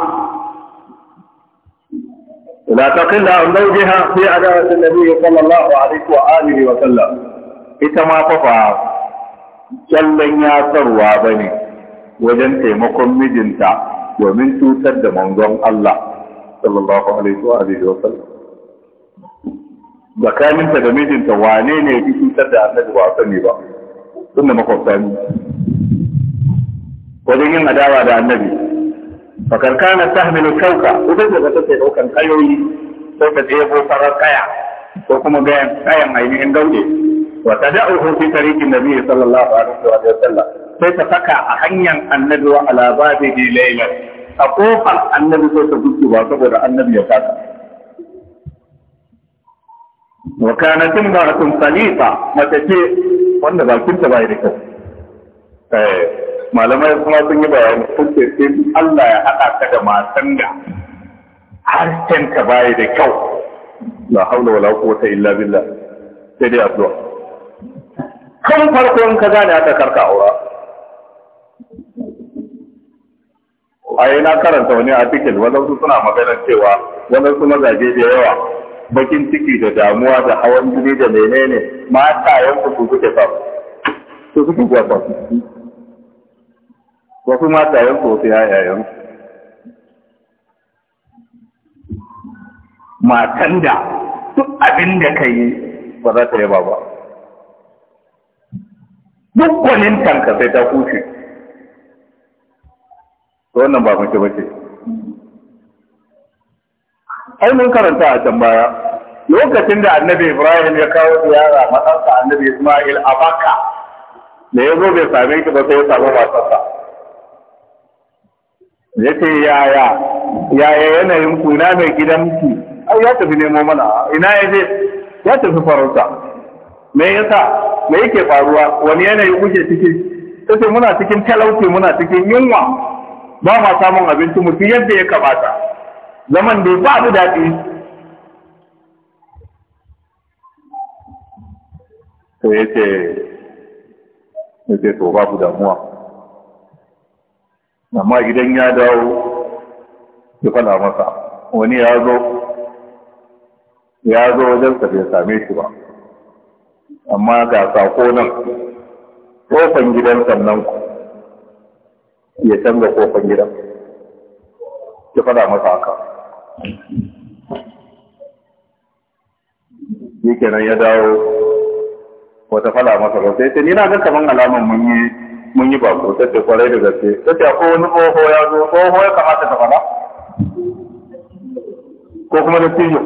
لا تقل عن زوجها في عداوة النبي صلى الله عليه وآله وسلم ita ma fafa جل ya tsarwa ba ne wajen taimakon mijinta domin cutar da manzon Allah sallallahu alaihi wa alihi Ba da mijinta wane ne ya cutar da annabi ba sani ba tun da makwabta ne wajen yin adawa da annabi fakar kana tahmilu kanka ita ce ta take daukan kayoyi ko ta ɗebo farar kaya ko kuma gayan kayan ainihin gaude wa tada'uhu fi tariqin nabiy sallallahu alaihi wa sallam sai ta saka a hanyar annabi wa ala babihi laylan a kofar annabi sai ta gudu ba saboda annabi ya kasa wa ba tun salifa mace ce wanda bakinta ya da kyau eh. malamai kuma sun yi bayani sun ce sai Allah ya haɗa ka da matan da harshen ka baya da kyau la haula wala quwwata illa billah sai dai addu'a kan farko in ka gane aka karka aura a na karanta wani artikel wadansu suna maganar cewa wadansu mazaje da yawa bakin ciki da damuwa da hawan jini da menene mata yanku su suke sa su suke wasu matayen su wasu yayayen matan da duk abin da ka yi ba za ta yaba ba duk gwanin tanka sai ta kushe to wannan ba mace bace ai mun karanta a can baya lokacin da annabi ibrahim ya kawo ziyara matarsa annabi isma'il a baka da ya zo bai same shi ba sai ya samu matarsa ya ce yaya yaya yanayin kuna mai gidanki ai ya tafi nemo mana ina ya je ya tafi farauta me yasa me yake faruwa wani yanayi kuke ciki ta ce muna cikin talauci muna cikin yunwa ba ma samun abinci mutum yadda ya kamata zaman da ba mu daɗi to ya ce ya ce to damuwa amma idan ya dawo ya fada masa wani ya zo ya zo wajen sa bai same shi ba amma ga sako nan kofan gidan sannan ku ya canza kofan gidan ya fada masa haka shi kenan ya dawo wata fada masa ba sai ce ni na ga kaman alaman mun yi mun yi bako ta ce kwarai da gaske ta ce akwai wani tsoho ya zo tsoho ya kamata ta fada ko kuma da tiyo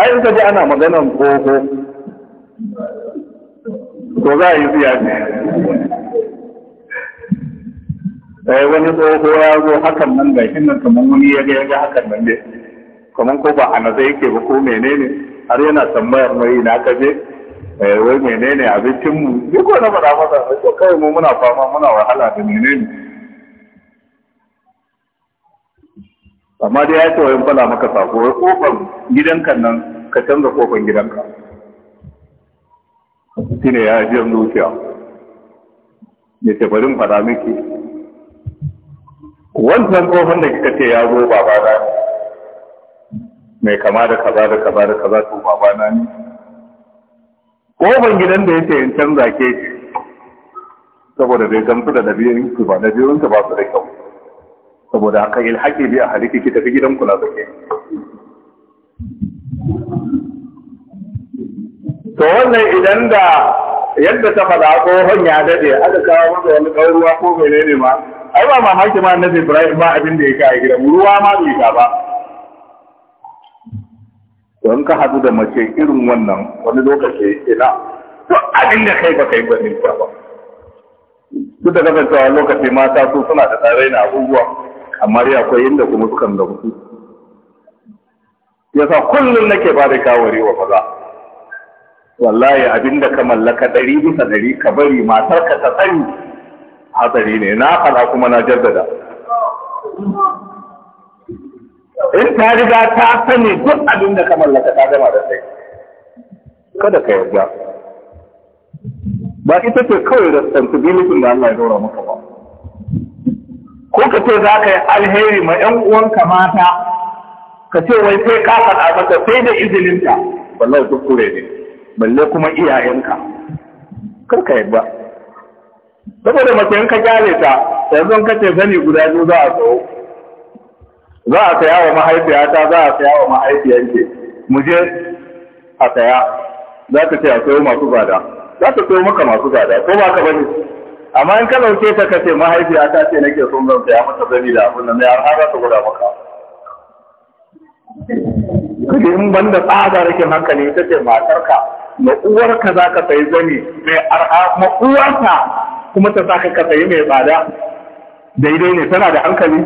ai in ka ji ana maganan tsoho to za a yi tsiya ne eh wani tsoho ya zo hakan nan ga shi nan kamar wani ya ga ya ga hakan nan dai kamar ko ba a nazo yake ba ko menene har yana tambayar mai na kaje eh wai menene abincin mu ni ko na faɗa masa ko kawai mu muna fama muna wahala da menene amma dai ya ce wai fala maka sako wai kofar gidanka nan ka canza kofar gidanka shi ne ya ji zuciya ya ce bari faɗa miki Wancan kofar da kika ce ya zo baba na mai kama da kaza da kaza da kaza to baba na ne ko ban gidan da yake in canza ke saboda bai gamsu da dabi'un ba dabi'un ba su da kyau saboda haka ilhaki bi a haliki ki tafi gidan kula da ke to wannan idan da yadda ta faɗa tsohon ya dade aka kawo masa wani ɗan ko ko menene ma ai ba mamaki ma annabi Ibrahim ba abin da yake a gidan ruwa ma bai ba don ka hadu da mace irin wannan wani lokaci ina to abin da kai ba kai ba ne ba duk da kasancewa lokaci mata su suna da tsare na abubuwa amma dai akwai inda kuma sukan gamsu sa kullum nake ba da kawari wa maza wallahi abin da ka mallaka ɗari bisa ɗari ka bari matar ka ta sani hatsari ne na faɗa kuma na jaddada in ta riga ta sani duk abin da ka mallaka ta gama da kai kada ka yarda ba ita ce kawai da responsibility da Allah ya dora maka ba ko ka ce za ka yi alheri ma ƴan uwanka mata ka ce wai sai ka faɗa maka sai da izininta wallahi duk kure ne balle kuma iyayenka kar ka yarda saboda mace in ka gyale ta yanzu ka ce zani guda biyu za a tsawo za a saya wa mahaifiyata za a saya wa mahaifiyanke mu je a saya za ta ce a sayo masu gada za ta sayo maka masu gada ko ba ka bane amma in ka lauke ta kace mahaifiyata ce nake son zan saya mata zani da abin nan har za ta gura maka kaje in banda tsada rikin hankali ta ce matarka ma uwarka za ka sayi zani mai arha kuma uwarka kuma ta saka ka sayi mai tsada daidai ne tana da hankali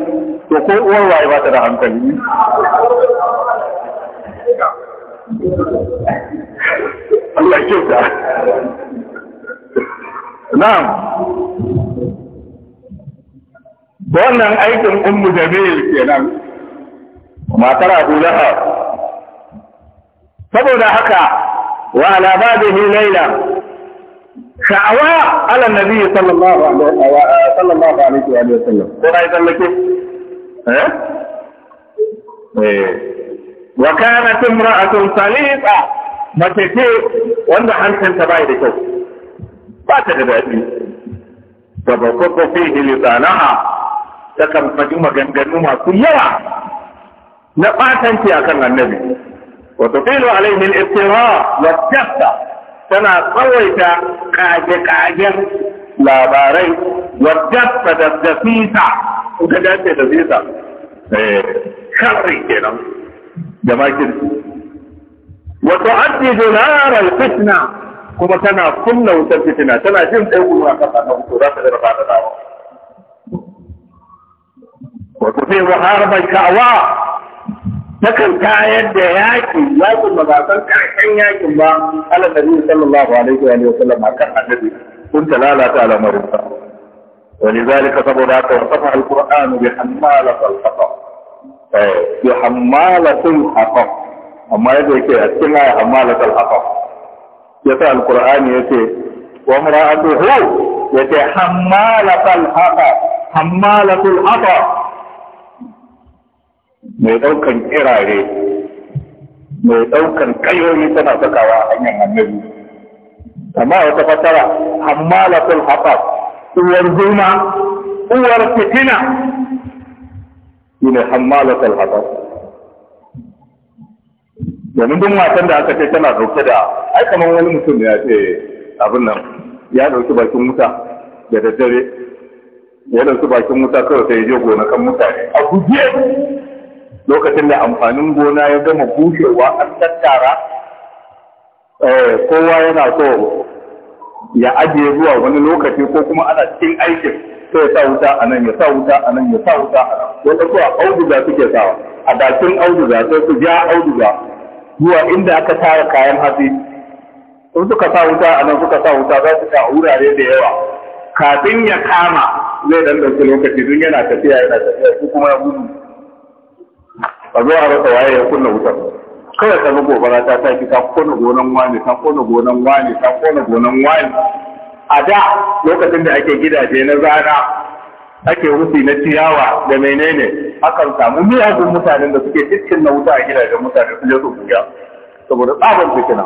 to ko uwar waye ba ta da hankali Allah kyauta na'am wannan aikin ummu jamil kenan matar Abu Lahab saboda haka wa ala badihi laila شعواء على النبي صلى الله عليه وسلم قرأت لك إيه؟ إيه. وكانت امرأة صليفة ما تتيه وانا حنسن تباية لكو فاتغب أبي فبقوك فيه لسانها تكم فجوم جنجنوما كلها نقاتن في أكرنا النبي وتطيل عليه الابتراء والجفة tana tsawaita kage-kagen labarai wadda ta daddafisa ta dace da fisa kare kenan da makirci wato addi donarar fitna kuma tana kunna wutar fitna tana jin tsaye kuma a kasa na wuto za ta zara ba da dawa wato sai wa harbar sha'awa nakan tayar da yaƙi yaƙin ba san ƙarshen yaƙin ba ala nabi sallallahu alaihi wa sallam akan annabi kun ta lalata al'amarin sa ولذلك saboda haka wasafa alqur'anu bi hammala falsafa eh bi hammala falsafa amma yadda yake a cikin ayat hammala falsafa yasa alqur'ani yake wa mar'atuhu yake hammala falsafa hammala falsafa mai ɗaukan kirare mai ɗaukan kayoyi tana sakawa a hanyar annabi amma wata fasara hammalatul hafaf uwar zuma uwar fitina shine hammalatul hafaf domin duk matan da aka ce tana dauke da ai kamar wani mutum ya ce abin nan ya dauki bakin wuta da daddare ya dauki bakin wuta kawai sai ya je gonakan mutane a guje lokacin da amfanin gona ya gama bushewa an tattara eh, kowa yana so ya ajiye zuwa wani lokaci ko kuma ana cikin aikin sai ya sa wuta a nan ya sa wuta a nan ya sa wuta a nan wanda kuwa auduga suke sawa a bakin auduga sai su ja auduga zuwa inda aka tara kayan hatsi in suka sa wuta a nan suka sa wuta za su sa wurare da yawa kafin ya kama zai dan lokaci don yana tafiya yana tafiya ko kuma ya gudu a zo a rasa waye ya kunna wutar kawai ka ga gobara ta taki ta kona gonan wani ta kona gonan wani ta kona gonan wani a da lokacin da ake gidaje na zana ake rufi na ciyawa da menene akan samu miyagun mutanen da suke cikin na wuta a gidajen mutane su je su buya saboda tsabar fitina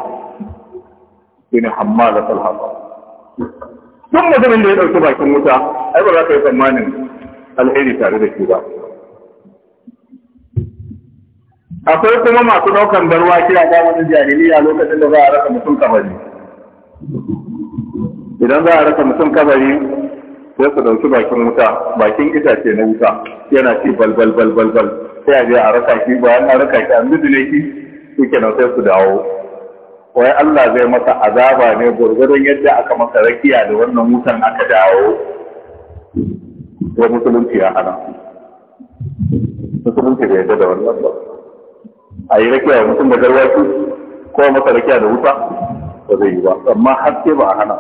shine hammala talhafa duk mutumin da ya dauki bakin wuta ai ba za ka yi tsammanin alheri tare da shi ba akwai kuma masu ɗaukan barwa kira jariri a lokacin da za a rasa mutum kabari idan za a rasa mutum kabari sai su ɗauki bakin wuta bakin itace na wuta yana ci balbal balbal bal sai a je a rasa shi bayan an raka shi an dudule shi shi kenan sai su dawo wai Allah zai masa azaba ne gurgurdan yadda aka masa rakiya da wannan wutan aka dawo wa musulunci ya hana musulunci bai yadda da wannan ba a yi rakiya mutum da garwaki ko masa rakiya da wuta ba zai yi ba amma haske ba a hana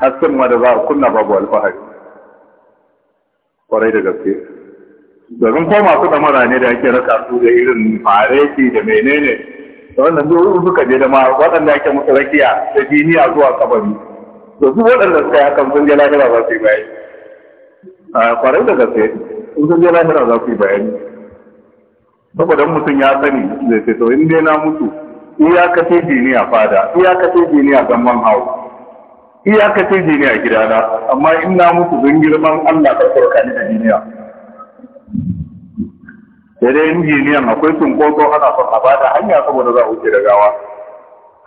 hasken ma da za a kunna babu alfahari kwarai da gaske domin ko masu damara ne da ake raka su da irin fareti da menene da wannan duk suka je da ma waɗanda ake musu rakiya da jiniya zuwa kabari da su waɗanda suka yi hakan sun je lahira za su yi bayani kwarai da gaske sun je lahira za su yi bayani saboda mutum ya sani zai sai to in dai na mutu iyakace jini a fada iyakace jini a zaman hau iyakace jini a gidana amma in na mutu zan girman Allah ka kurka ni da jiniya. sai dai injiniyan akwai cunkoso ana son a bada hanya saboda za a wuce da gawa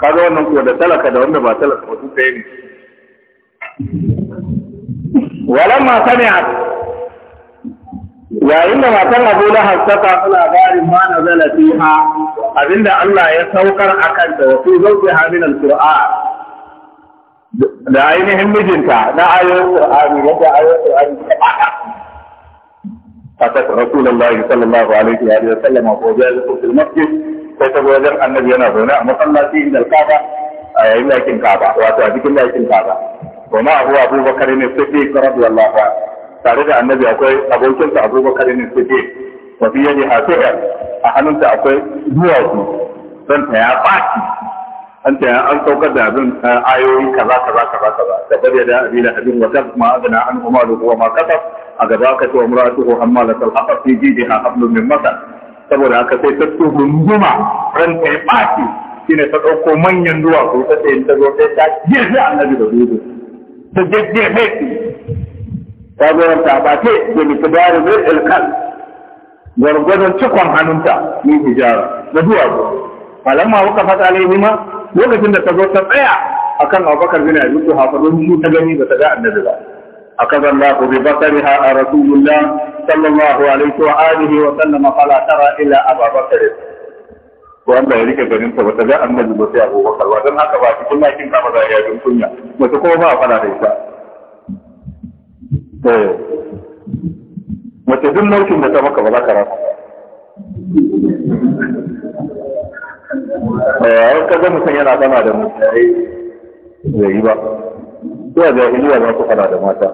kaga wannan kuwa da talaka da wanda ba talaka ba su sai ne walamma sami'at وإنما تنبو لها السقى فلا غارب ما نزل فيها أبدا الله يسوكر أكد في زوجها من القرآن لا عينهم بجنكا لا عيو القرآن يجا عيو القرآن فتت رسول الله صلى الله عليه وسلم وفوجا لكم في المسجد فتبو ذر أن نبينا هنا مصلى فيه من الكعبة أيها الله يكن كعبة واتوا بك الله يكن كعبة وما هو أبو بكر الصديق رضي الله عنه tare da annabi akwai abokinsa abubakar ne su ce wa fi yadi a hannunta akwai duwatsu don ta ya baki an ta an saukar da abin eh, ayoyi kaza kaza kaza kaza da bari da abi da abin wata ma adana an kuma da kuma ma kasa a gaba ka ce wa ko amma la talhaqa fi jidiha hablum min masal saboda haka sai ta so gunguma ran ta ya baki shine ta dauko manyan duwatsu ta sai ta zo ta ta jefe annabi da dudu ta jefe sabuwar ta ba ce da mitidari zai ilkan gwargwadon cikon hannunta ni hijara da ba. falamma muka fata alaihi ma lokacin da ta zo ta tsaya akan abubakar bin abi to hafa don shi ta gani ba ta ga annabi ba akaza Allah bi basariha a rasulullah sallallahu alaihi wa alihi wa sallama fala tara illa abubakar wanda ya rike ganin ta bata ga annabi ba sai abubakar ba. dan haka ba cikin lakin ka da za ya dun kunya mace ko ba fara da ita to eh. mace duk naukin da ta maka ba za ka rasa a yau eh, kaga mutum yana sama da mutum zai yi ba zuwa jahiliya za su kana da mata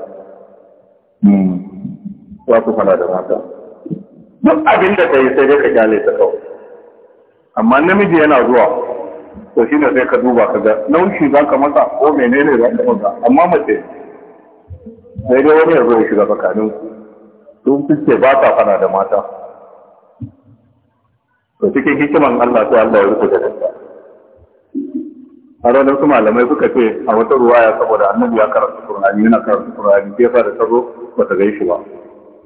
hmm. za su kana da mata duk abin da ta yi sai dai ka kyale ta kawai amma namiji yana zuwa to shi ne sai ka duba ka ga naushi za ka masa ko menene za ka masa amma mace sai dai wani yanzu ya shiga tsakanin ku sun fiske ba ta fana da mata to cikin hikiman Allah sai Allah ya rufe da ta. a ranar su malamai suka ce a wata ruwaya saboda annabi ya karanta Qur'ani yana karanta Qur'ani sai fa da tazo ba ta gaishe ba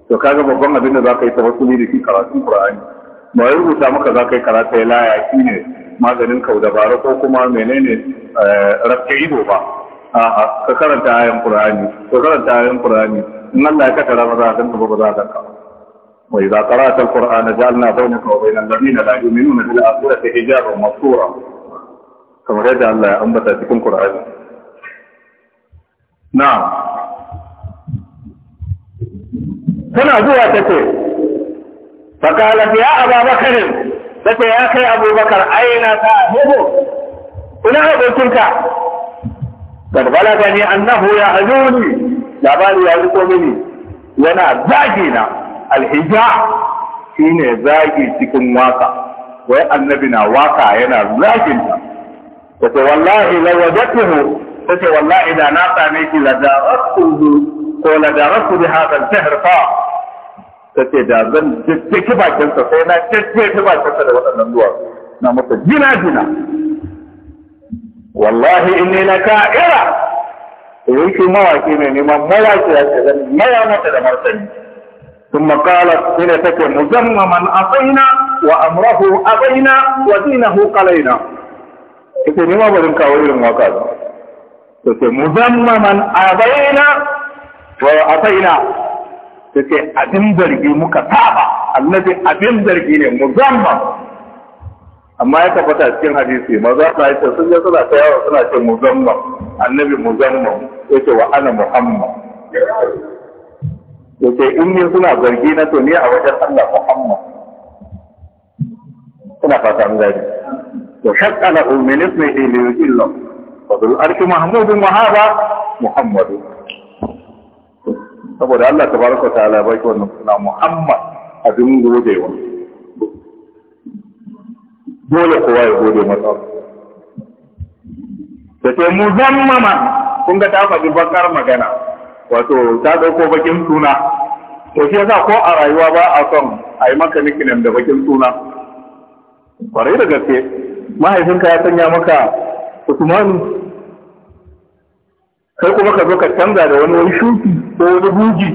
to kaga babban abin da za ka yi tawassuli da shi karatun Qur'ani ba ya rubuta maka za ka yi karatu ya laya shine maganin kau dabara ko kuma menene eh, rafke ido ba a'a ka karanta ayan qur'ani ka karanta ayan qur'ani in Allah ya kaddara ba za ka tantance ba za ka ka wa idza qara'ta al-qur'ana ja'alna bainaka wa bainal ladina la yu'minuna bil akhirati hijaban mastura kamar yadda Allah ya ambata cikin qur'ani na'am tana zuwa tace faqalat ya ababakar tace ya kai abubakar aina sahibu ina abokinka kad balaga annahu ya azuni labari ya riko mini yana zagi na alhija shine zagi cikin waka wai annabi na waka yana zagin ta tace wallahi lawajatuhu tace wallahi da na same shi la daratu ko la daratu bi hadha al-shahr da zan sai na da waɗannan na jina wallahi inni na ka'ira to yake mawaki ne neman mawaki ya ce zan maya mata da martani ثم قالت هنا تكن مزمما أطينا وأمره أبينا ودينه قلينا ita ne mabarin kawo irin waka ba ta ce muzammaman abaina wa abaina ta ce abin zargi muka saba annabi abin zargi ne muzamman amma ya tabbata cikin hadisi maza ta yi sun je suna ta yawa suna ce muzamman annabi muzamman ce wa ana muhammad ce in yi suna zargi na to ni a wajen allah muhammad suna fata an gani to shakka na ummin mai ilimin yujilla fadul arki mahmudun mahaba muhammadu saboda allah ta ta ala baki wannan suna muhammad abin godewa dole kowa ya gode masa da ke mu zammama kun ga ta faɗi bakar magana wato ta ɗauko bakin suna to shi yasa ko a rayuwa ba a son a yi maka nikinan da bakin suna kwarai da gaske mahaifinka ya sanya maka usmanu kai kuma ka zo ka canza da wani wani shuki ko wani buji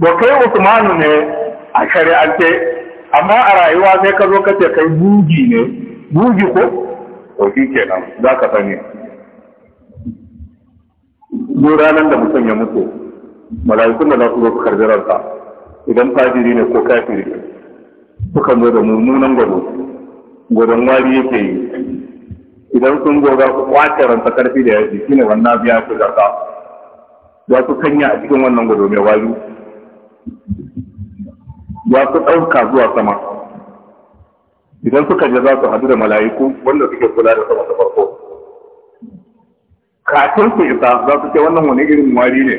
Ba kai usmanu ne a shari'ance amma a rayuwa sai ka zo ka ce kai bugi ne bugi ko to shi kenan za ka sani duk ranar da mutum ya mutu mala'ikun da za su zo su karbi ransa idan fajiri ne ko kafiri sukan zo da mummunan gwado gwadon wari yake yi idan sun zo za su kwace ransa karfi da yaji shine wannan biya su zarta za su kanya a cikin wannan gwado mai wari ya su ɗauka zuwa sama idan suka je za su hadu da mala'iku wanda suke kula da sama ta farko kafin su isa za su ce wannan wani irin wari ne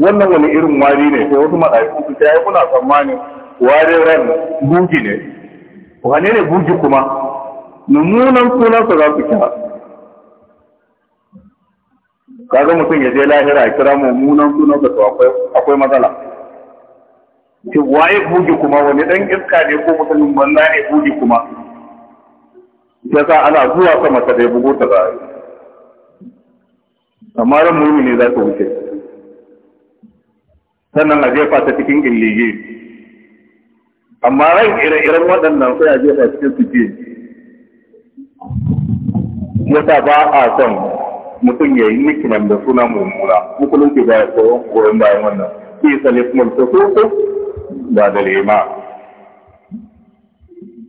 wannan wani irin wari ne sai wasu mala'iku su ce ai kuna tsammanin wari ran bugi ne wane ne bugi kuma mummunan sunansa za su kira kaga mutum ya je lahira kira mummunan sunansa to akwai matsala ce waye buge kuma wani dan iska ne ko mutumin banza ne buge kuma yasa ana zuwa sama ta dai bugo ta zai amma ran ne za ta wuce sannan a jefa ta cikin illige amma ran ire-iren waɗannan sai a jefa cikin suke yasa ba a son mutum ya yi nikiman da suna mummuna mukulunci ba ya koyon bayan wannan kuma salifin mulkusuku بعد الإمام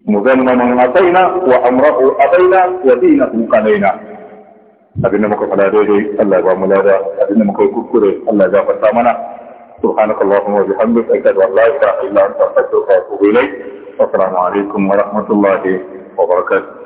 مذنما من أتينا وأمره أبينا ودينه قلينا أبينا مكوك على ديدي الله يبقى ملادا أبينا مكوك كوري الله يبقى فتامنا سبحانك اللهم وبحمدك أكد والله إلا أنت أفضل وأتوب إليك السلام عليكم ورحمة الله وبركاته